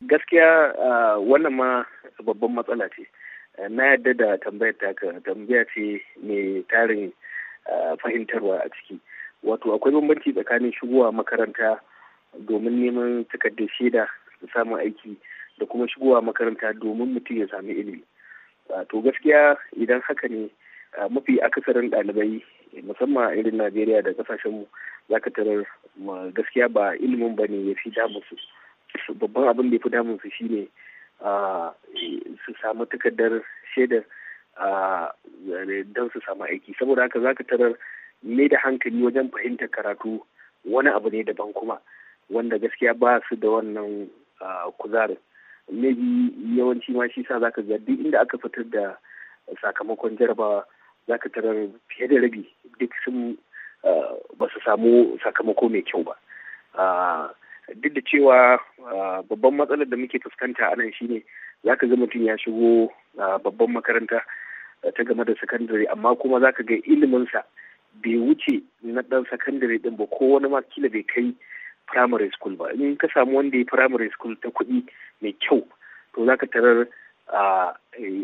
Gaskiya ah, wannan ma babban matsala ce. na yadda da tambayar taka tambaya ce mai tarin ah, fahimtarwa a ciki wato akwai bambanci tsakanin shigowa makaranta domin neman takardar shaida da samun aiki da kuma shigowa makaranta domin mutum ya sami ilimi ah, to gaskiya idan haka ne ah, mafi akasarin ɗalibai musamman a irin najeriya da mu za ka tarar gaskiya ba ilimin ba ne ya fi damunsu babban abin da ya fi damunsu shine su samu takardar shaidar don su samu aiki saboda haka zaka tarar mai da hankali wajen fahimtar karatu wani abu ne daban kuma wanda gaskiya ba su da wannan kuzarin maybe yawanci ma shi sa zaka ga duk inda aka fitar da sakamakon jarabawa zaka tarar fiye da rabi duk sun ba su samu sakamako mai kyau ba duk da cewa ah, babban matsalar da muke fuskanta a nan shine za ka ga mutum ya shigo ah, babban makaranta ah, ta game da sakandare amma kuma za ka ga iliminsa bai wuce na dan sakandare din ba ko wani ma kila bai kai primary school ba in ka samu wanda ya primary school ta kuɗi mai kyau to za ka tarar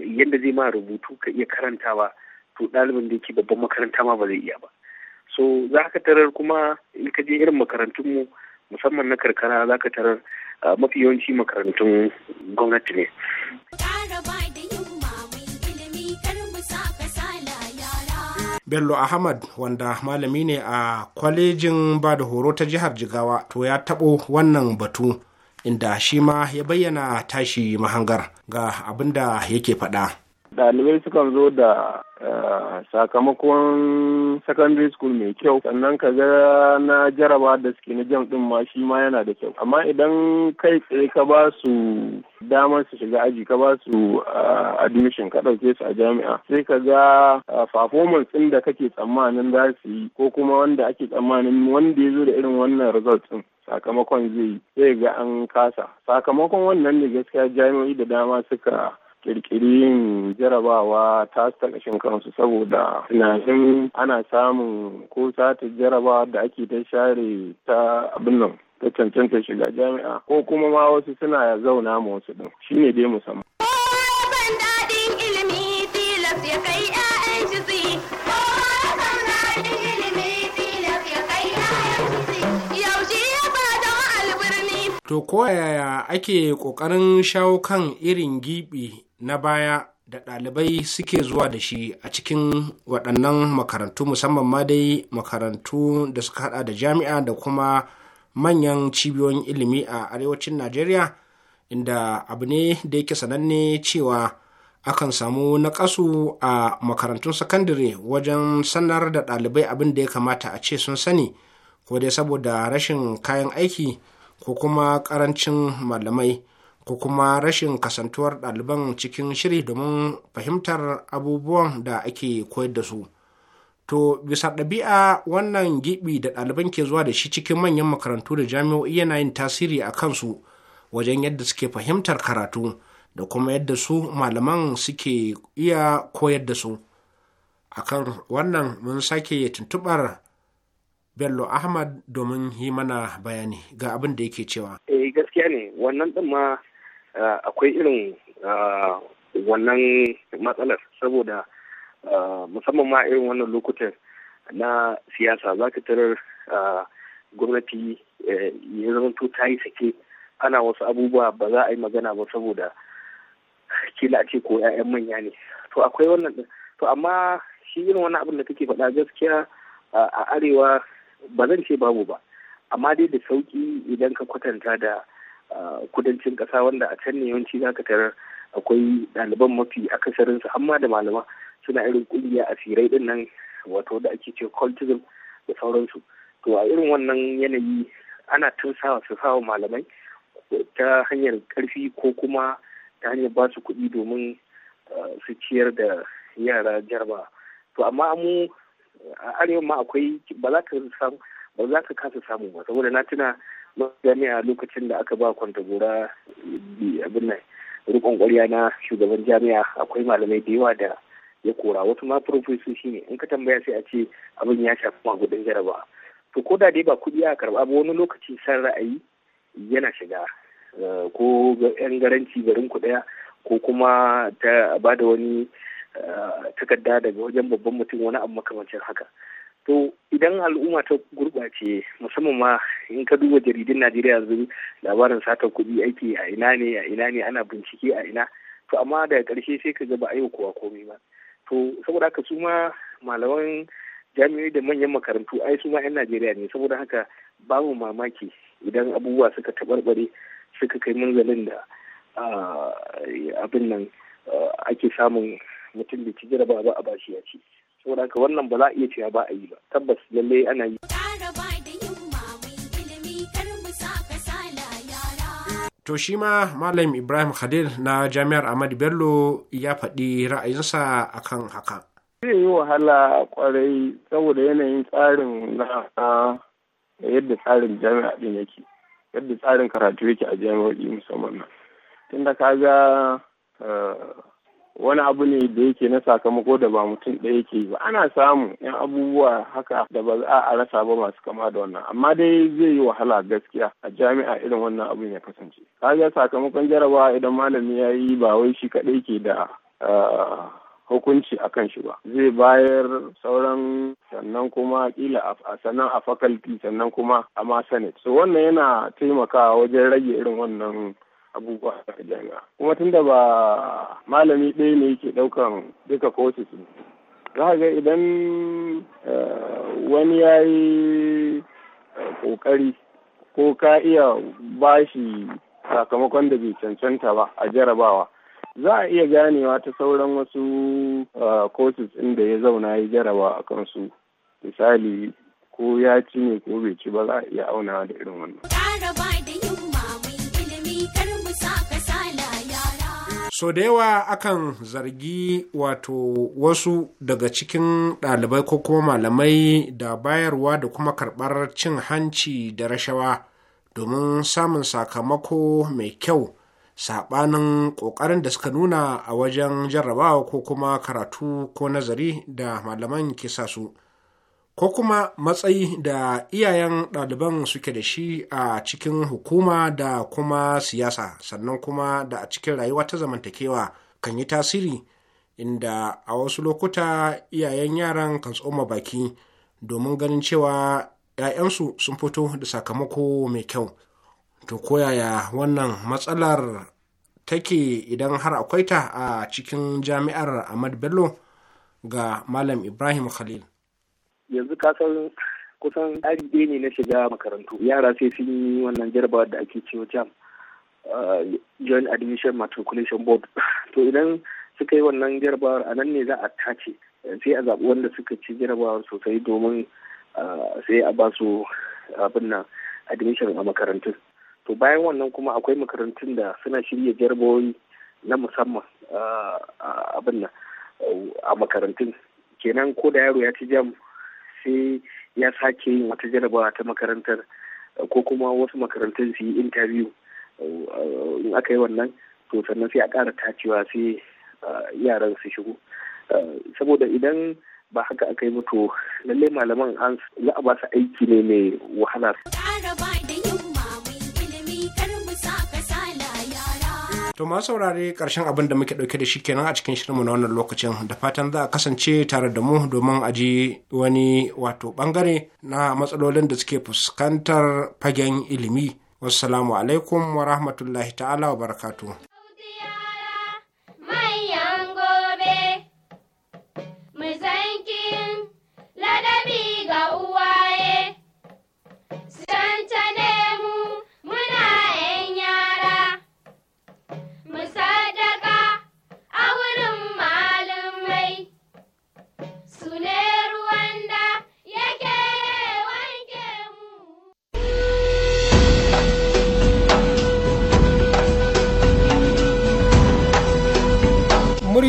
yadda zai ma rubutu ka iya karantawa to ɗalibin da yake babban makaranta ma ba zai iya ba so za ka tarar kuma in ka je irin makarantunmu musamman na karkara za ka tarar mafi yawanci makarantun gwamnati ne. Bello Ahmad wanda malami ne a kwalejin ba da horo ta jihar Jigawa to ya taɓo wannan batu inda shi ma ya bayyana tashi mahangar ga abin da yake faɗa. Dalibai sukan zo da eh, sakamakon secondary school mai kyau sannan ka ga na jaraba da suke na jam ɗin ma shi ma yana da kyau amma idan kai tsaye ka ba su damar su shiga aji ka ba su eh, admission ka ɗauke su a jami'a sai ka ga eh, performance ɗin da kake tsammanin za su yi ko kuma wanda ake tsammanin wanda ya zo da irin wannan result ɗin sakamakon zai yi zai ga an kasa sakamakon wannan ne gaskiya jami'o'i da dama suka kirkirin jarabawa ta kashin kansu saboda tunanin ana samun ko sata jarabawa da ake ta share ta abin nan ta cancanta shiga jami'a ko kuma ma wasu suna zauna ma wasu din shine dai musamman To koyaya ake ƙoƙarin shawo kan irin giɓi na baya da ɗalibai suke zuwa da shi a cikin waɗannan makarantu musamman ma dai makarantu da suka haɗa da jami'a da kuma manyan cibiyoyin ilimi a arewacin Najeriya inda abu ne da yake sananne cewa akan samu naƙasu a makarantun sakandare wajen sanar da ɗalibai abin da ya kamata a ce sun sani ko dai saboda rashin kayan aiki ko kuma ƙarancin malamai ko kuma rashin kasantuwar ɗaliban cikin shiri domin fahimtar abubuwan da ake koyar da su to bisa ɗabi'a wannan giɓi da ɗaliban ke zuwa da shi cikin manyan makarantu da jami'o'i yana yin tasiri a kansu wajen yadda suke fahimtar karatu da kuma yadda su malaman suke iya koyar da su akan wannan mun sake tuntuɓar Bello Ahmad domin yi mana bayani ga abin da yake cewa. Eh gaskiya ne wannan din ma eh, akwai irin eh, wannan matsalar saboda eh, musamman ma irin wannan lokutan na siyasa za ka tarar gwamnati ya zamanto ta yi sake ana wasu abubuwa ba za a yi magana ba saboda kila ce ko 'ya'yan manya ne to akwai wannan to amma shi irin wani abin da kake faɗa gaskiya a arewa ba zan ce babu ba amma dai da sauki idan ka kwatanta da kudancin ƙasa wanda a can ne yawanci za ka tarar akwai ɗaliban mafi akasarinsu amma da malama suna irin ƙungiya asirai ɗin nan wato da ake ce cultism da sauransu to a irin wannan yanayi ana tursawa su sawa malamai ta hanyar ƙarfi ko kuma ta hanyar ba su kuɗi domin su ciyar da yara jarba to amma mu a arewa ma akwai ba za ka samu ba za ka kasa samu ba saboda na tuna jami'a lokacin da aka ba kwanta gora abin nan rikon ƙwarya na shugaban jami'a akwai malamai da yawa da ya kora wasu ma shi ne in ka tambaya sai a ce abin ya shafi magudin jaraba to ko da dai ba kuɗi a karɓa ba wani lokaci san ra'ayi yana shiga eh, ko yan garanci garin ku ko kuma ta ba da wani takarda daga wajen babban mutum wani abu makamancin haka to idan al'umma ta gurɓace musamman ma in ka duba jaridun najeriya yanzu labarin satar kuɗi aiki a ina ne a ina ne ana bincike a ina to amma daga ƙarshe sai ka gaba ba a komai ba to saboda haka su ma malaman jami'oi da manyan makarantu ai su ma 'yan najeriya ne saboda haka babu mamaki idan abubuwa suka taɓarɓare suka kai manzalin da ah, abin nan ah, ake samun mutum bai ci jaraba ba a bashi ya ci saboda haka wannan ba za a iya cewa ba a yi ba tabbas lalle ana yi To shi ma Malam Ibrahim Khalil na Jami'ar ahmadu Bello ya faɗi ra'ayinsa akan haka. Zai yi wahala kwarai saboda yanayin tsarin na yadda tsarin jami'a ɗin yake, yadda tsarin karatu yake a jami'o'i musamman nan. da ka ga eh, wani abu ne da yake na sakamako da ba mutum ɗaya yake ba ana samu yan abubuwa haka da ba za a rasa ba masu kama da wannan amma dai zai yi wahala gaskiya a jami'a irin wannan abin ya kasance kaga sakamakon jarabawa idan malami ya yi ba wai shi kaɗai ke da ah, hukunci a kan shi ba zai bayar sauran sannan kuma kila a sannan a faculty sannan kuma a ma senate so wannan yana taimakawa wajen rage irin wannan abubuwa a kuma tunda ba malami ɗaya ne yake ɗaukan duka kotu su za ga idan eh, wani ya yi eh, ƙoƙari ko ka iya bashi sakamakon da bai cancanta ba a jarabawa za a iya ganewa ta sauran wasu eh, ɗin inda ya zauna ya jaraba a kansu misali ko ya ci ne ko bai ci ba za a iya auna da irin wannan. so da yawa akan zargi wato wasu daga cikin ɗalibai ko kuma malamai da bayarwa da kuma karɓar cin hanci da rashawa domin samun sakamako mai kyau saɓanin ƙoƙarin da suka nuna a wajen jarrabawa ko kuma karatu ko nazari da malaman ke su ko kuma matsayi da iyayen ɗaliban suke da shi a cikin hukuma da kuma siyasa sannan kuma da a cikin rayuwa ta zamantakewa kan yi tasiri inda a wasu lokuta iyayen yaran kan tsoma baki domin ganin cewa 'ya'yansu sun fito da sakamako mai kyau to koyaya wannan matsalar take idan har akwai ta a cikin jami'ar ahmad bello ga malam ibrahim khalil yanzu ka kusan tsari ne na shiga makarantu yara sai sun yi wannan jarabawar da ake cewa jam eh, joint admission matriculation board to idan suka yi wannan jarabawar a nan ne za a tace eh, sai a zaɓi wanda suka ci jarabawar sosai domin eh, sai a ba su abin nan admission a makarantun to bayan wannan kuma akwai makarantun da suna shirya jarabawoyi na musamman abin nan a makarantun kenan ko da yaro ya ci jam sai ya sake yin wata jarabawa ta makarantar uh, ko kuma wasu makarantar su yi interview uh, in aka yi wannan to sannan sai a ƙara tacewa sai uh, yaran su shigo saboda idan ba haka aka yi mutu lallai malaman an za a ba su aiki ne mai wahala. To ma saurare karshen abin da muke dauke da shi kenan a cikin shirinmu na wannan lokacin da fatan za a kasance tare da mu domin a ji wani wato bangare na matsalolin da suke fuskantar fagen ilimi. Wassalamu alaikum wa rahmatullahi ta'ala wa barakatu.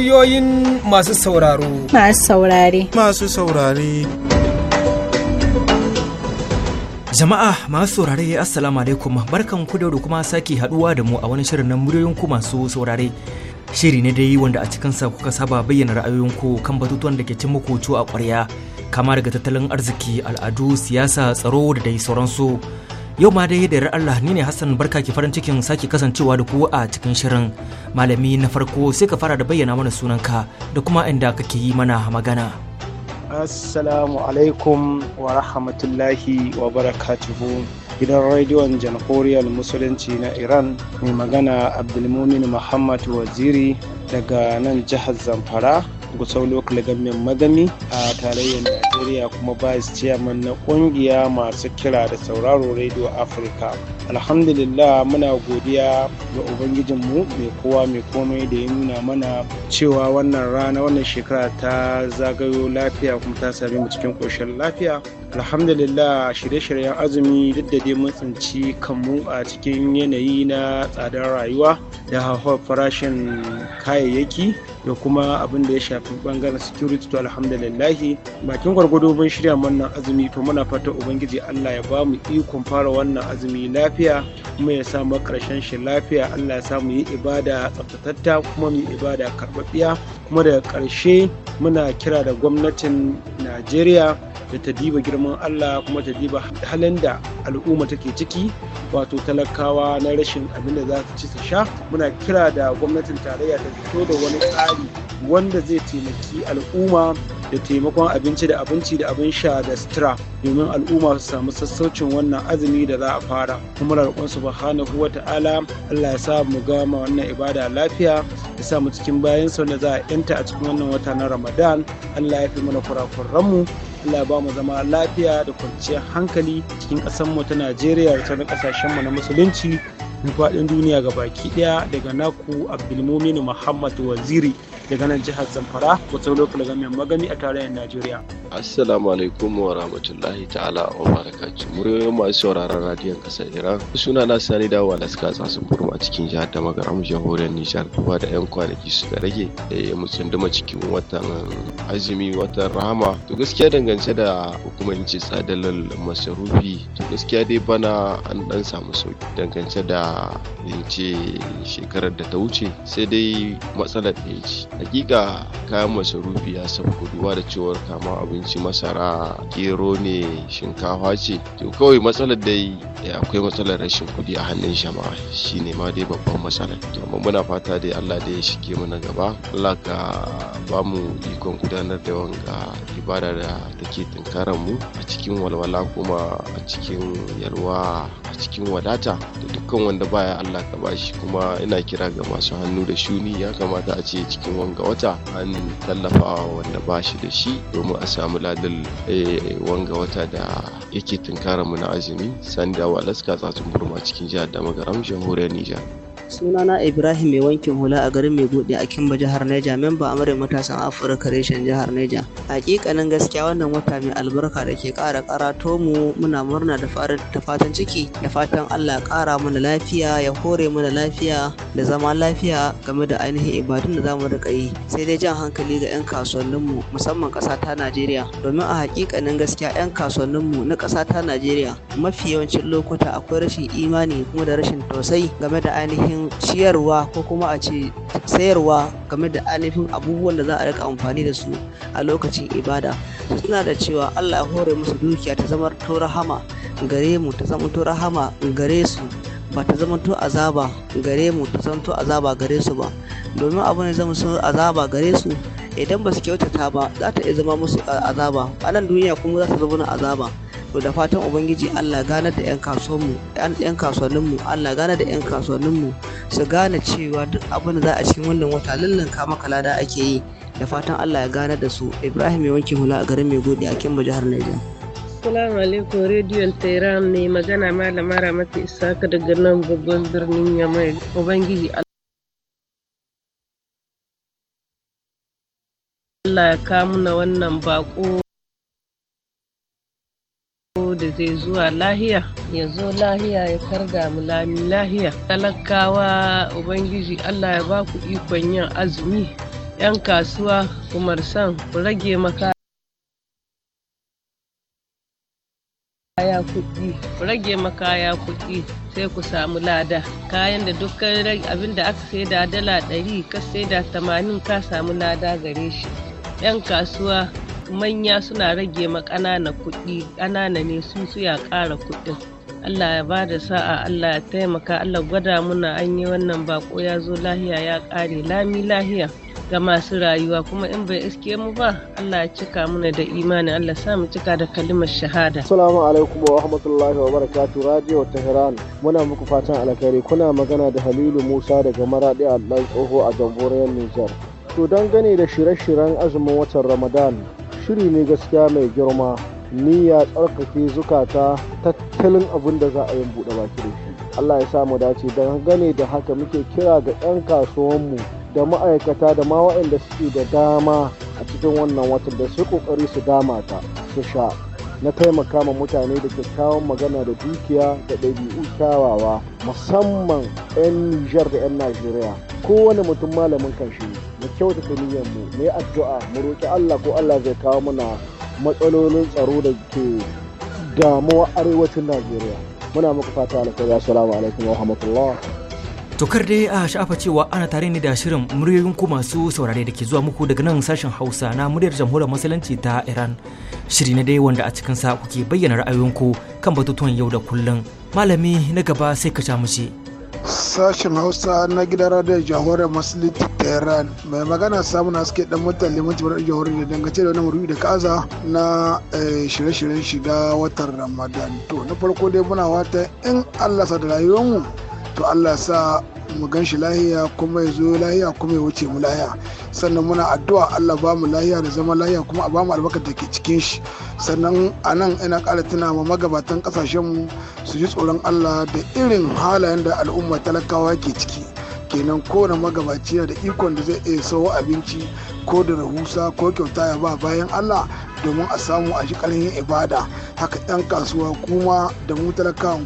muryoyin masu sauraro. Masu saurare. Masu saurare. Jama'a masu saurare Assalamu alaikum barkan ku da kuma sake haduwa da mu a wani shirin na muryoyin ku masu saurare. Shiri ne dai wanda a cikin sa kuka saba bayyana ku kan batutuwan da ke cin muku a ƙwarya kama daga tattalin arziki, al'adu, siyasa, tsaro da dai sauransu. Yau ma dai da Allah ni ne Hassan barka ke farin cikin sake kasancewa da ku a cikin shirin. Malami na farko sai ka fara da bayyana mana sunanka da kuma inda kake yi mana magana. Assalamu alaikum wa rahmatullahi wa barakatuhu. gidan rediyon jamhuriyar musulunci na iran mai magana abdulmumin muhammad waziri daga nan jihar zamfara gusau local government magani a tarayyar najeriya kuma vice chairman na kungiya masu kira da sauraro radio africa alhamdulillah muna godiya ga ubangijinmu mai kowa mai komai da ya nuna mana cewa wannan rana wannan shekara ta zagayo lafiya kuma ta same mu cikin koshin lafiya alhamdulillah shirye-shiryen azumi duk da dai mun tsinci kanmu a cikin yanayi na tsadar rayuwa da hauhawar farashin kayayyaki da kuma abin da ya shafi bangaren security to alhamdulillah bakin gwargwado mun shirya wannan azumi to muna fata ubangiji allah ya ba mu ikon fara wannan azumi lafiya kuma ya sa mu karshen shi lafiya allah ya sa mu yi ibada tsaftatatta kuma mu yi ibada karɓaɓɓiya kuma daga ƙarshe muna kira da gwamnatin najeriya da ta diba girma. domin Allah kuma ta diba halin da al'umma take ciki wato talakawa na rashin abin da za su ci su sha muna kira da gwamnatin tarayya ta fito da wani tsari wanda zai taimaki al'umma da taimakon abinci da abinci da abin sha da sutura domin al'umma su samu sassaucin wannan azumi da za a fara kuma roƙon subhanahu wa ta'ala Allah ya sa mu gama wannan ibada lafiya ya sa mu cikin bayan sau da za a yanta a cikin wannan wata na Ramadan Allah ya fi mana kurakuran mu Allah ya ba mu zama lafiya da kwanciyar hankali cikin ƙasarmu ta Najeriya da sauran ƙasashenmu na musulunci faɗin duniya ga baki ɗaya daga naku abdulmumin muhammad waziri daga nan jihar zamfara wata lokacin game magani a tarayyar najeriya assalamu alaikum wa rahmatullahi ta'ala wa barakatuh muryoyi masu sauraron radiyon kasar iran suna na sani da da suka tsasa burum burma cikin jihar da magaram jamhuriyar nijar kuma da yan kwanaki suka rage da eh, ya mutsunduma cikin watan azumi watan rahama to gaskiya dangance da hukumanci tsadar masarufi to gaskiya dai bana an dan samu sauki dangance da a ce shekarar da ta wuce sai dai matsalar da ce hakika kayan masarufi ya sauko duba da cewar kama abinci masara gero ne shinkafa ce to kawai matsalar dai eh, akwai matsalar rashin kuɗi a hannun jama'a ne ma dai babban matsalar to amma muna fata dai Allah dai ya shige mana gaba Allah ka ba mu ikon gudanar da wanga ibada da take tunkaran mu a cikin walwala kuma a cikin yalwa a cikin wadata da dukkan wanda wanda baya Allah ka bashi kuma ina kira ga masu hannu da shuni ya kamata a ce cikin wanga wata an tallafawa wanda bashi da shi domin a samu ladin eh, wanga wata da yake tunkara mu na azumi sanda walaska tsatsun burma cikin jihar damagaram jamhuriyar Nijar. sunana ibrahim mai wankin hula a garin mai buɗe a kimba jihar neja memba amurin matasan afirka reshen jihar neja hakikanin gaskiya wannan wata mai albarka da ke kara karato mu muna murna da fatan ciki da fatan allah kara mana lafiya ya hore mana lafiya da zama lafiya game da ainihin ibadun da za mu rika yi sai dai jan hankali ga 'yan mu musamman ƙasa ta najeriya domin a hakikanin gaskiya 'yan kasuwannin mu na ƙasa ta najeriya mafi yawancin lokuta akwai rashin imani kuma da rashin tausayi game da ainihin ciyarwa ko kuma a ce sayarwa game da ainihin abubuwan da za a rika amfani da su a lokacin ibada suna da cewa allah ya hore musu dukiya ta zama to rahama gare mu ta zama gare su ba ta zama to azaba gare mu ta zama to azaba gare su ba domin abu ne zama su azaba gare su idan ba su kyautata ba za ta iya zama musu azaba a nan duniya kuma za ta zama azaba to da fatan ubangiji allah gane da 'yan kasuwanmu 'yan kasuwanninmu allah gane da 'yan kasuwanninmu su gane cewa duk abin da za a cikin wannan wata lallan kama da ake yi da fatan allah ya gane da su ibrahim ya wanke hula a garin mai gode a kimba jihar niger Assalamu alaikum Radio Tehran ne magana malama Ramatu Isaka daga nan babban birnin Yamai. Ubangiji Allah ya kamu na wannan bako da zai zuwa lahiya ya zo lahiya ya karga mu lahiya talakawa ubangiji allah ya ba ku ikon yin azumi yan kasuwa kumar san ku rage maka kaya kuɗi ku rage makaya kuɗi sai ku samu lada kayan da dukkan abin da aka saida dala ɗari ka da tamanin ka samu lada gare shi yan kasuwa manya suna rage ma ƙanana kuɗi ƙanana ne su suya ƙara kuɗin Allah ya ba da sa'a Allah ya taimaka Allah gwada muna an yi wannan baƙo ya zo lahiya ya ƙare lami lahiya ga masu rayuwa kuma in bai iske mu ba Allah ya cika muna da imani Allah sa mu cika da kalimar shahada. Assalamu alaikum wa rahmatullahi wa barakatuh Radio Tehran muna muku fatan alkhairi kuna magana da Halilu Musa daga Maradi Allah tsoho a jamhuriyar Niger To dangane da shirye-shiryen azumin watan Ramadan shiri ne gaskiya mai girma niyya tsarkake zukata tattalin abin da za a yi buɗe baki da shi allah ya samu dace don gane da haka muke kira ga 'yan kasuwanmu da ma'aikata da ma waɗanda suke da dama a cikin wannan watan da su ƙoƙari su dama ta su sha na taimaka ma mutane da kyakkyawan magana da dukiya da ɗabi'u kyawawa musamman 'yan nijar da 'yan najeriya kowane mutum malamin kan shi mu kyautata niyyar mu mu yi addu'a mu roki Allah ko Allah zai kawo mana matsalolin tsaro da ke damuwa arewacin Najeriya muna muku fata alkhairi assalamu alaikum wa rahmatullah kar dai a sha'afa cewa ana tare ne da shirin muryoyin ku masu saurare da ke zuwa muku daga nan sashen Hausa na muryar jamhuriyar musulunci ta Iran. Shiri na dai wanda a cikin sa kuke bayyana ra'ayoyinku kan batutuwan yau da kullum. Malami na gaba sai ka sha mu Sashen Hausa na gidan radiyon jamhuriyar Musulunci Tehran mai magana samun haske dan mutan liman jimar jamhuriyar da dangace da wani murmi da kaza na eh, shirye-shiryen shiga watan Ramadan. To na farko dai muna wata in allasa sa da rayuwarmu to allah sa mu gan shi lahiya kuma ya zo lahiya kuma ya wuce mu lahiya sannan muna addu'a allah ba mu lahiya da zama lahiya kuma a ba mu albarkar da ke cikin shi sannan a nan ina ƙara tuna ma magabatan ƙasashenmu su ji tsoron allah da irin halayen da al'umma talakawa ke ciki kenan kowane magabaci da ikon da zai iya sawo abinci ko da rahusa ko kyauta ya ba bayan allah domin a samu a shi yin ibada haka 'yan kasuwa kuma da mu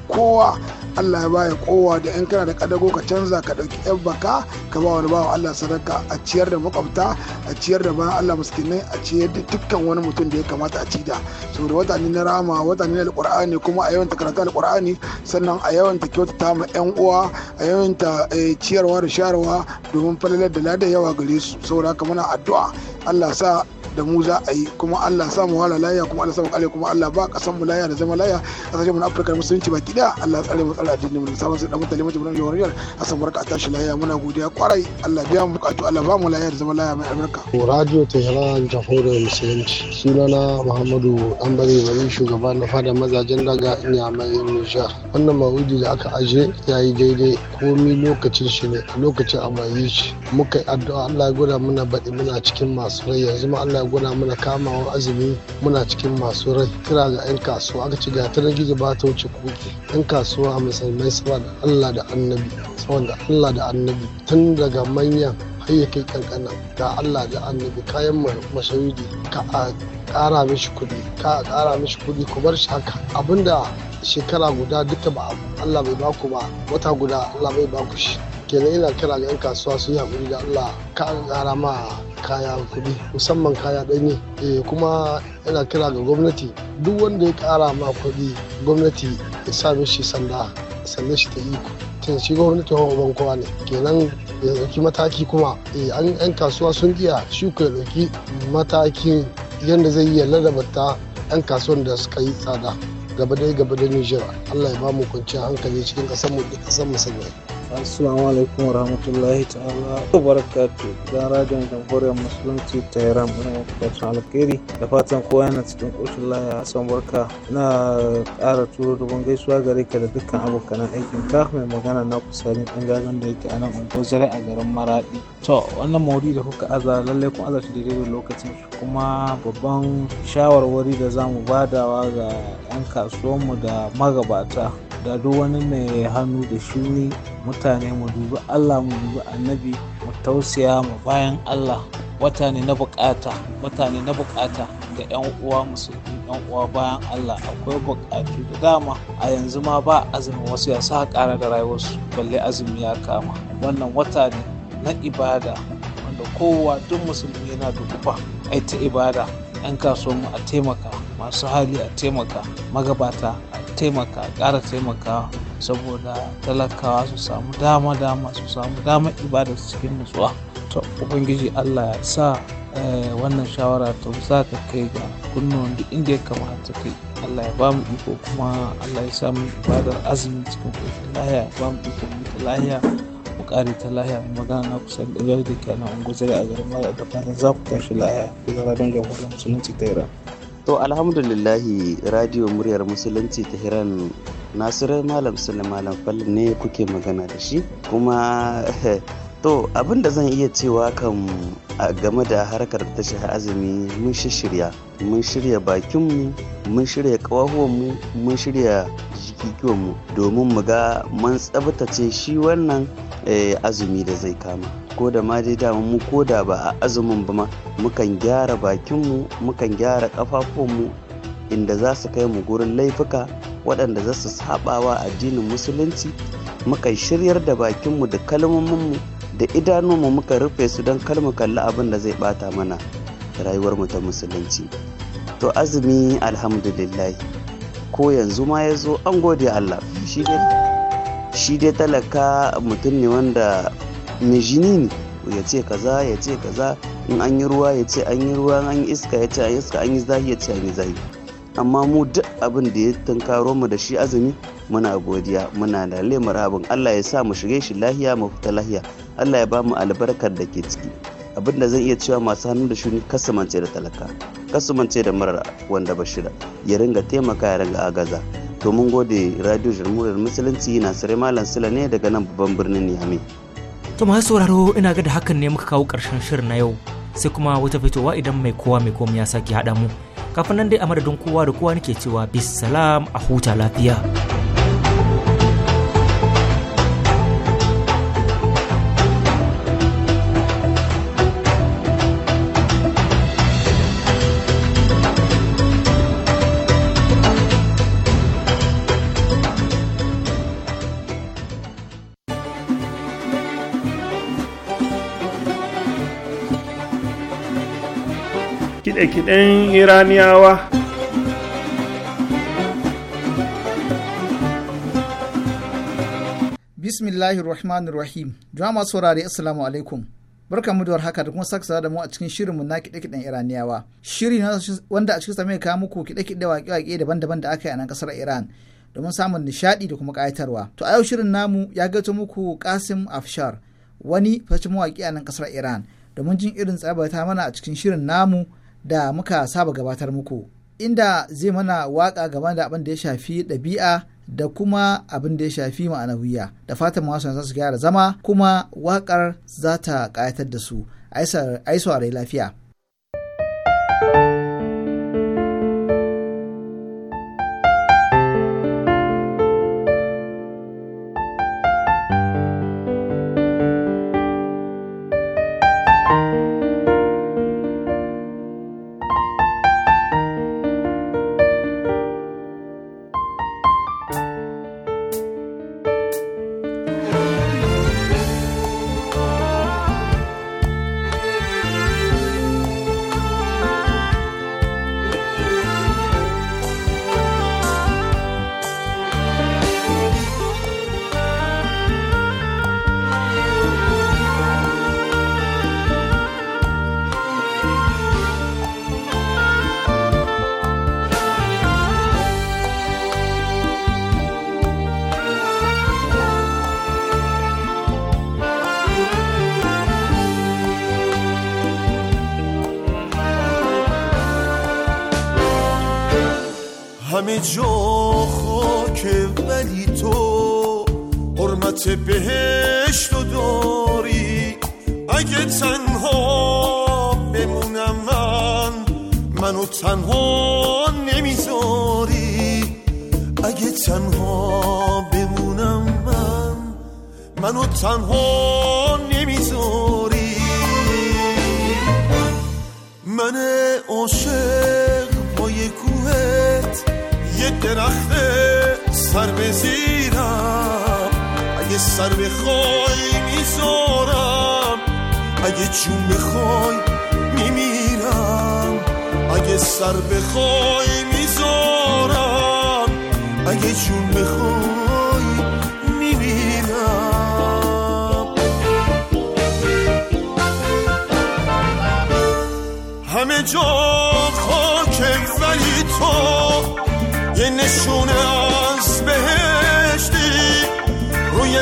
kowa allah ya baya kowa da 'yan kana da kadago ka canza ka ɗauki 'yan baka ka ba wani bawa allah sadaka a ciyar da makwabta a ciyar da bayan allah miskinai a ciyar da dukkan wani mutum da ya kamata a ci da saboda wata na rama wata na alƙur'ani kuma a yawan karanta alƙur'ani sannan a yawan ta kyautata ma 'yan uwa a yawan ta eh, ciyarwa da sharwa domin falalar da lada yawa gare su saboda haka muna addu'a allah sa da mu za a yi kuma Allah sa mu wala laya kuma Allah sa mu kare kuma Allah ba kasan mu laya da zama laya kasashen mu na Afirka musulunci baki daya Allah tsare mu tsare addinin mu sabon sai da mutane mu jama'a jawariyar san barka a tashi laya muna godiya kwarai Allah biya mu bukatu Allah ba mu laya da zama laya mai albarka radio Tehran jamhuriyar musulunci sunana Muhammadu Ambari bari shugaba na fada mazajen daga mai Nijar wannan mawudi da aka aje yayi daidai komi lokacin shi ne lokacin a shi muka addu'a Allah ya gwada muna baɗi muna cikin masu rai yanzu ma Allah muna mana wa azumi muna cikin masu rai kira ga 'yan kasuwa aka ci gata na gizo ba ta wuce kuke 'yan kasuwa a musulmai saboda allah da annabi saboda allah da annabi tun daga manyan har kai kankana ga allah da annabi kayan mashawidi ka a kara mishi kudi ka a kara mishi kudi ku bar shi haka abinda shekara guda duka ba allah bai baku ba wata guda allah bai baku shi kenan ina kira ga 'yan kasuwa su yi haƙuri da allah ka ƙara ma kaya kuɗi musamman kaya ɗanye eh, kuma yana kira ga gwamnati duk wanda ya ƙara ma kuɗi gwamnati ya sa shi sanda sanda shi ta iko tun shi gwamnati hawa kowa ne kenan ya ɗauki mataki kuma eh, an yan kasuwa sun iya shuka ku ya ɗauki mataki yadda zai iya ladabata yan kasuwan da suka yi tsada gaba da gaba da nijar allah ya ba mu kwanciyar hankali cikin ƙasar mu da ƙasar mu sanya assalamu alaikum warahmatullahi ta'ala wa barakatu da radiyon jamhuriyar musulunci ta iran muna bukatun alkhairi da fatan kowa yana cikin koshin laya hassan barka na ƙara turo dubon gaisuwa gare ka da dukkan abokan aikin ka mai magana na kusa ne dan gagan da yake a nan unguwar a garin maraɗi to wannan mawuri da kuka aza lallai kun aza shi daidai da lokacin shi kuma babban shawarwari da za mu badawa ga 'yan mu da magabata da duk wani mai hannu da shuni mutane mu dubi allah mu dubi annabi mu tausaya mu bayan allah wata ne na bukata wata ne na bukata ga 'yan uwa musulmi yan uwa bayan Allah akwai bukatu da dama a yanzu ma ba azumin wasu ya sa ƙara da rayuwarsu balle azumi ya kama wannan wata ne na ibada wanda kowa duk musulmi yana da dukufa ai ta ibada yan mu a taimaka masu hali a taimaka magabata a taimaka a ƙara taimaka saboda talakawa su samu dama dama su samu dama ibada cikin nutsuwa to ubangiji allah ya sa eh, wannan shawara ta za ka kai ga kunnuwan duk inda ya kamata kai allah ya ba mu iko kuma allah ya samu ibadar azumi cikin kwaikwayo lahiya ya ba mu iko mu ta lahiya ku kare ta lahiya magana na kusa da yau da ke nan unguzari a garin mara da fatan za ku tashi lahiya ku zara don jamhuriyar musulunci ta iran. to alhamdulillahi radio muryar musulunci ta iran nasirar malam malam fal ne kuke magana da shi kuma to abin da zan iya cewa kan game da harkar tashar azumi mun shirya mun shirya bakinmu mun shirya mu mun shirya jikikiwanmu domin mu ga mun tsabtace shi wannan Eh, azumi da zai kama ko da ma dai dama mu ko da ba a azumin ba ma mukan gyara bakinmu mukan gyara ƙafafunmu inda za su kai mu gurin laifuka waɗanda za su saɓawa addinin musulunci mukan shiryar da bakinmu da kalmominmu da idanunmu muka rufe su don kalmu kalli abin da zai ɓata mana rayuwarmu ta musulunci to azumi alhamdulillah ko yanzu ma ya zo an gode allah shi ne shi dai talaka mutum ne wanda mai jini ne ya ce kaza ya ce kaza in an yi ruwa ya ce an yi ruwa an yi iska ya ce an yi iska an yi zahi ya ce an yi zahi amma mu duk abin da ya tunkaro mu da shi azumi muna godiya muna da lemar abin allah ya sa mu shige shi lahiya mu fita lahiya allah ya ba mu albarkar da ke ciki abin da zan iya cewa masu hannu da shuni kasumance da talaka kasumance da mara wanda ba ya ringa taimaka ya ringa agaza to mun gode radio jamhuriyar musulunci na sare malam sula ne daga nan babban birnin niamey to masu sauraro ina ga da hakan ne muka kawo karshen shirin na yau sai kuma wata fitowa idan mai kowa mai komi ya sake haɗa mu kafin nan dai a madadin kowa da kowa nake cewa bis salam a huta lafiya. kiɗe-kiɗen iraniyawa bismillahir rahmanir rahim masu saurari assalamu alaikum barka mu da haka da kuma saka da mu a cikin mu na kide kiden iraniyawa shiri wanda a cikin sa mai kawo muku kide kide waƙe-waƙe daban-daban da aka yi a nan kasar iran domin samun nishaɗi da kuma ƙayatarwa to a yau shirin namu ya gato muku kasim afshar wani fashin mawaƙi a nan kasar iran domin jin irin tsabata mana a cikin shirin namu da muka saba gabatar muku inda zai mana waka game da abin da ya shafi ɗabi'a da kuma abin da ya shafi ma'anawiya da fatan masu za su gyara zama kuma waƙar za ta ƙayatar da su a yi lafiya. بهشت و داری اگه تنها بمونم من منو تنها نمیذاری اگه تنها بمونم من منو تنها سر بخوای میذارم اگه جون بخوای میمیرم اگه سر بخوای میذارم اگه جون بخوای میرم همه جا خاکه ولی تو یه نشونه از به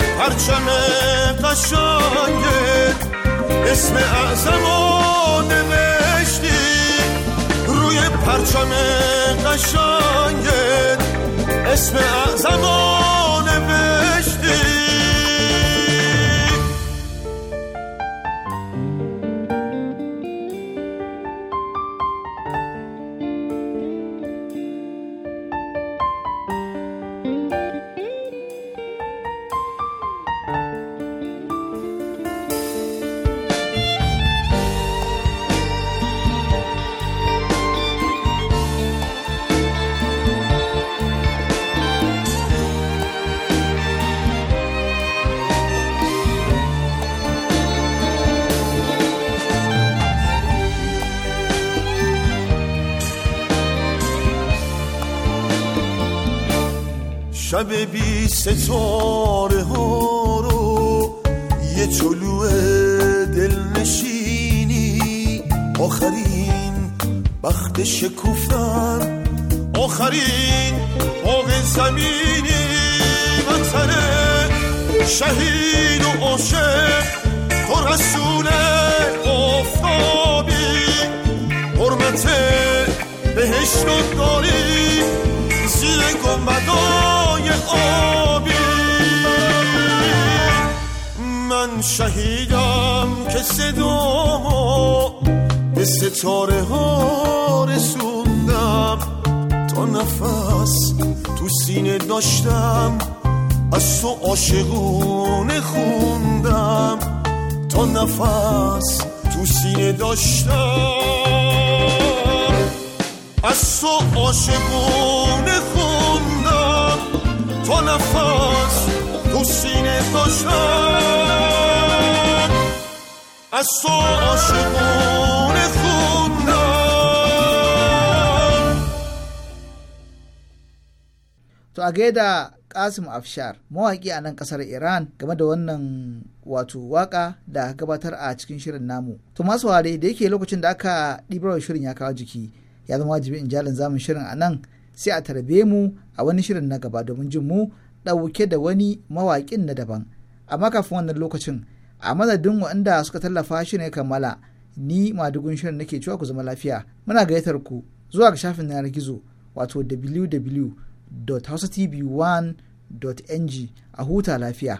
پرچم قشنگت اسم اعظم و نوشتی روی پرچم قشنگت اسم اعظم و نوشتی شب بی ستاره ها رو یه چلو دلنشینی آخرین بخت شکوفتن آخرین باغ زمینی وطن شهید و عاشق تو رسول آفتابی حرمت بهشت داری زیر گنبدان من شهیدم که صدامو به ستاره ها رسوندم تا نفس تو سینه داشتم از تو عاشقونه خوندم تا نفس تو سینه داشتم از تو عاشقونه خوندم تو نفس تو سینه تو شد از تو عاشقون خوندم Kasim Afshar mawaƙi a nan ƙasar Iran game da wannan wato waka da gabatar a cikin shirin namu. To masu ware da yake lokacin da aka ɗibar shirin ya kawo jiki ya zama wajibi in jalin zamun shirin anan. sai a tarbe mu a wani shirin na gaba domin jin mu ɗauke da wani mawaƙin na daban amma kafin wannan lokacin a madadin waɗanda suka tallafa shi ne kammala ni madugun shirin nake cewa ku zama lafiya muna gayyatar ku zuwa ga shafin yanar gizo wato www.hausatv1.ng a huta lafiya.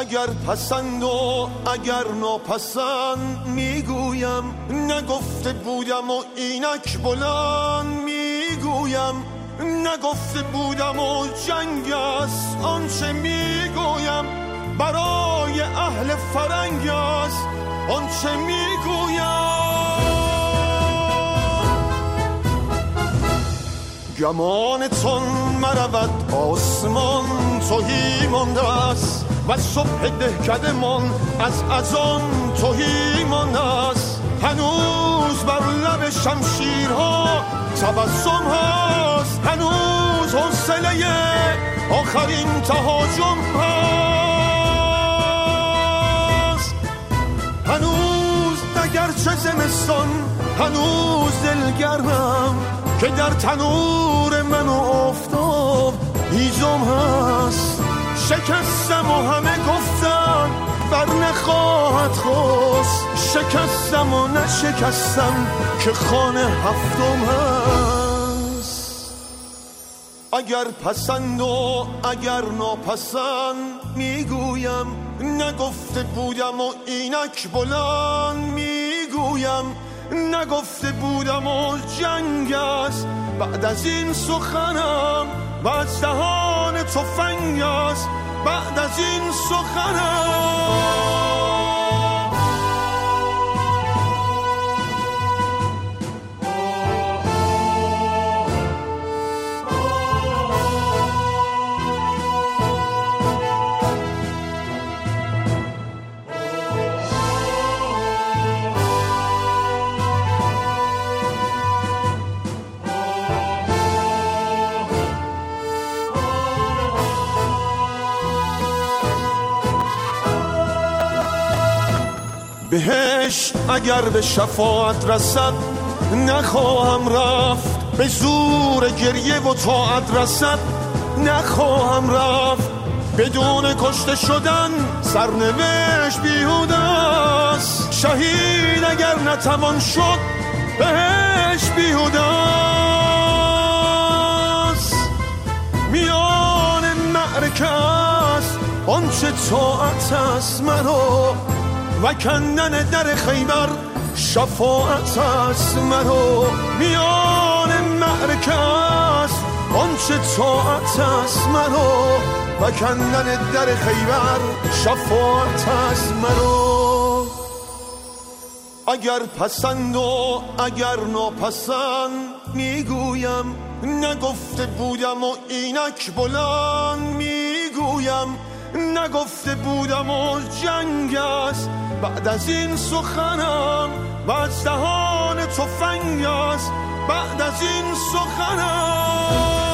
اگر پسند و اگر ناپسند میگویم نگفته بودم و اینک بلند میگویم نگفته بودم و جنگ است آنچه میگویم برای اهل فرنگ است آنچه میگویم گمانتون مرود آسمان توهی مانده است و صبح من از از آن توهیمان است هنوز بر لب شمشیرها تبسم هست هنوز حوصله آخرین تهاجم هست هنوز دگرچه زمستان هنوز دلگرمم که در تنور من و افتاب هیزم هست شکستم و همه گفتن بر نخواهد خواست شکستم و نشکستم که خانه هفتم هست اگر پسند و اگر ناپسند میگویم نگفته بودم و اینک بلند میگویم نگفته بودم و جنگ است بعد از این سخنم و از دهان تفنگ بعد از این سخنم بهش اگر به شفاعت رسد نخواهم رفت به زور گریه و تاعت رسد نخواهم رفت بدون کشته شدن سرنوشت بیهود شهید اگر نتوان شد بهش بیهود میان معرکه است آنچه تاعت است مرا و کندن در خیبر شفاعت است مرا میان معرکه است آنچه طاعت است مرا و کندن در خیبر شفاعت است مرا اگر پسند و اگر ناپسند میگویم نگفته بودم و اینک بلند میگویم نگفته بودم و جنگ است بعد از این سخنم و از دهان تفنگ بعد از این سخنم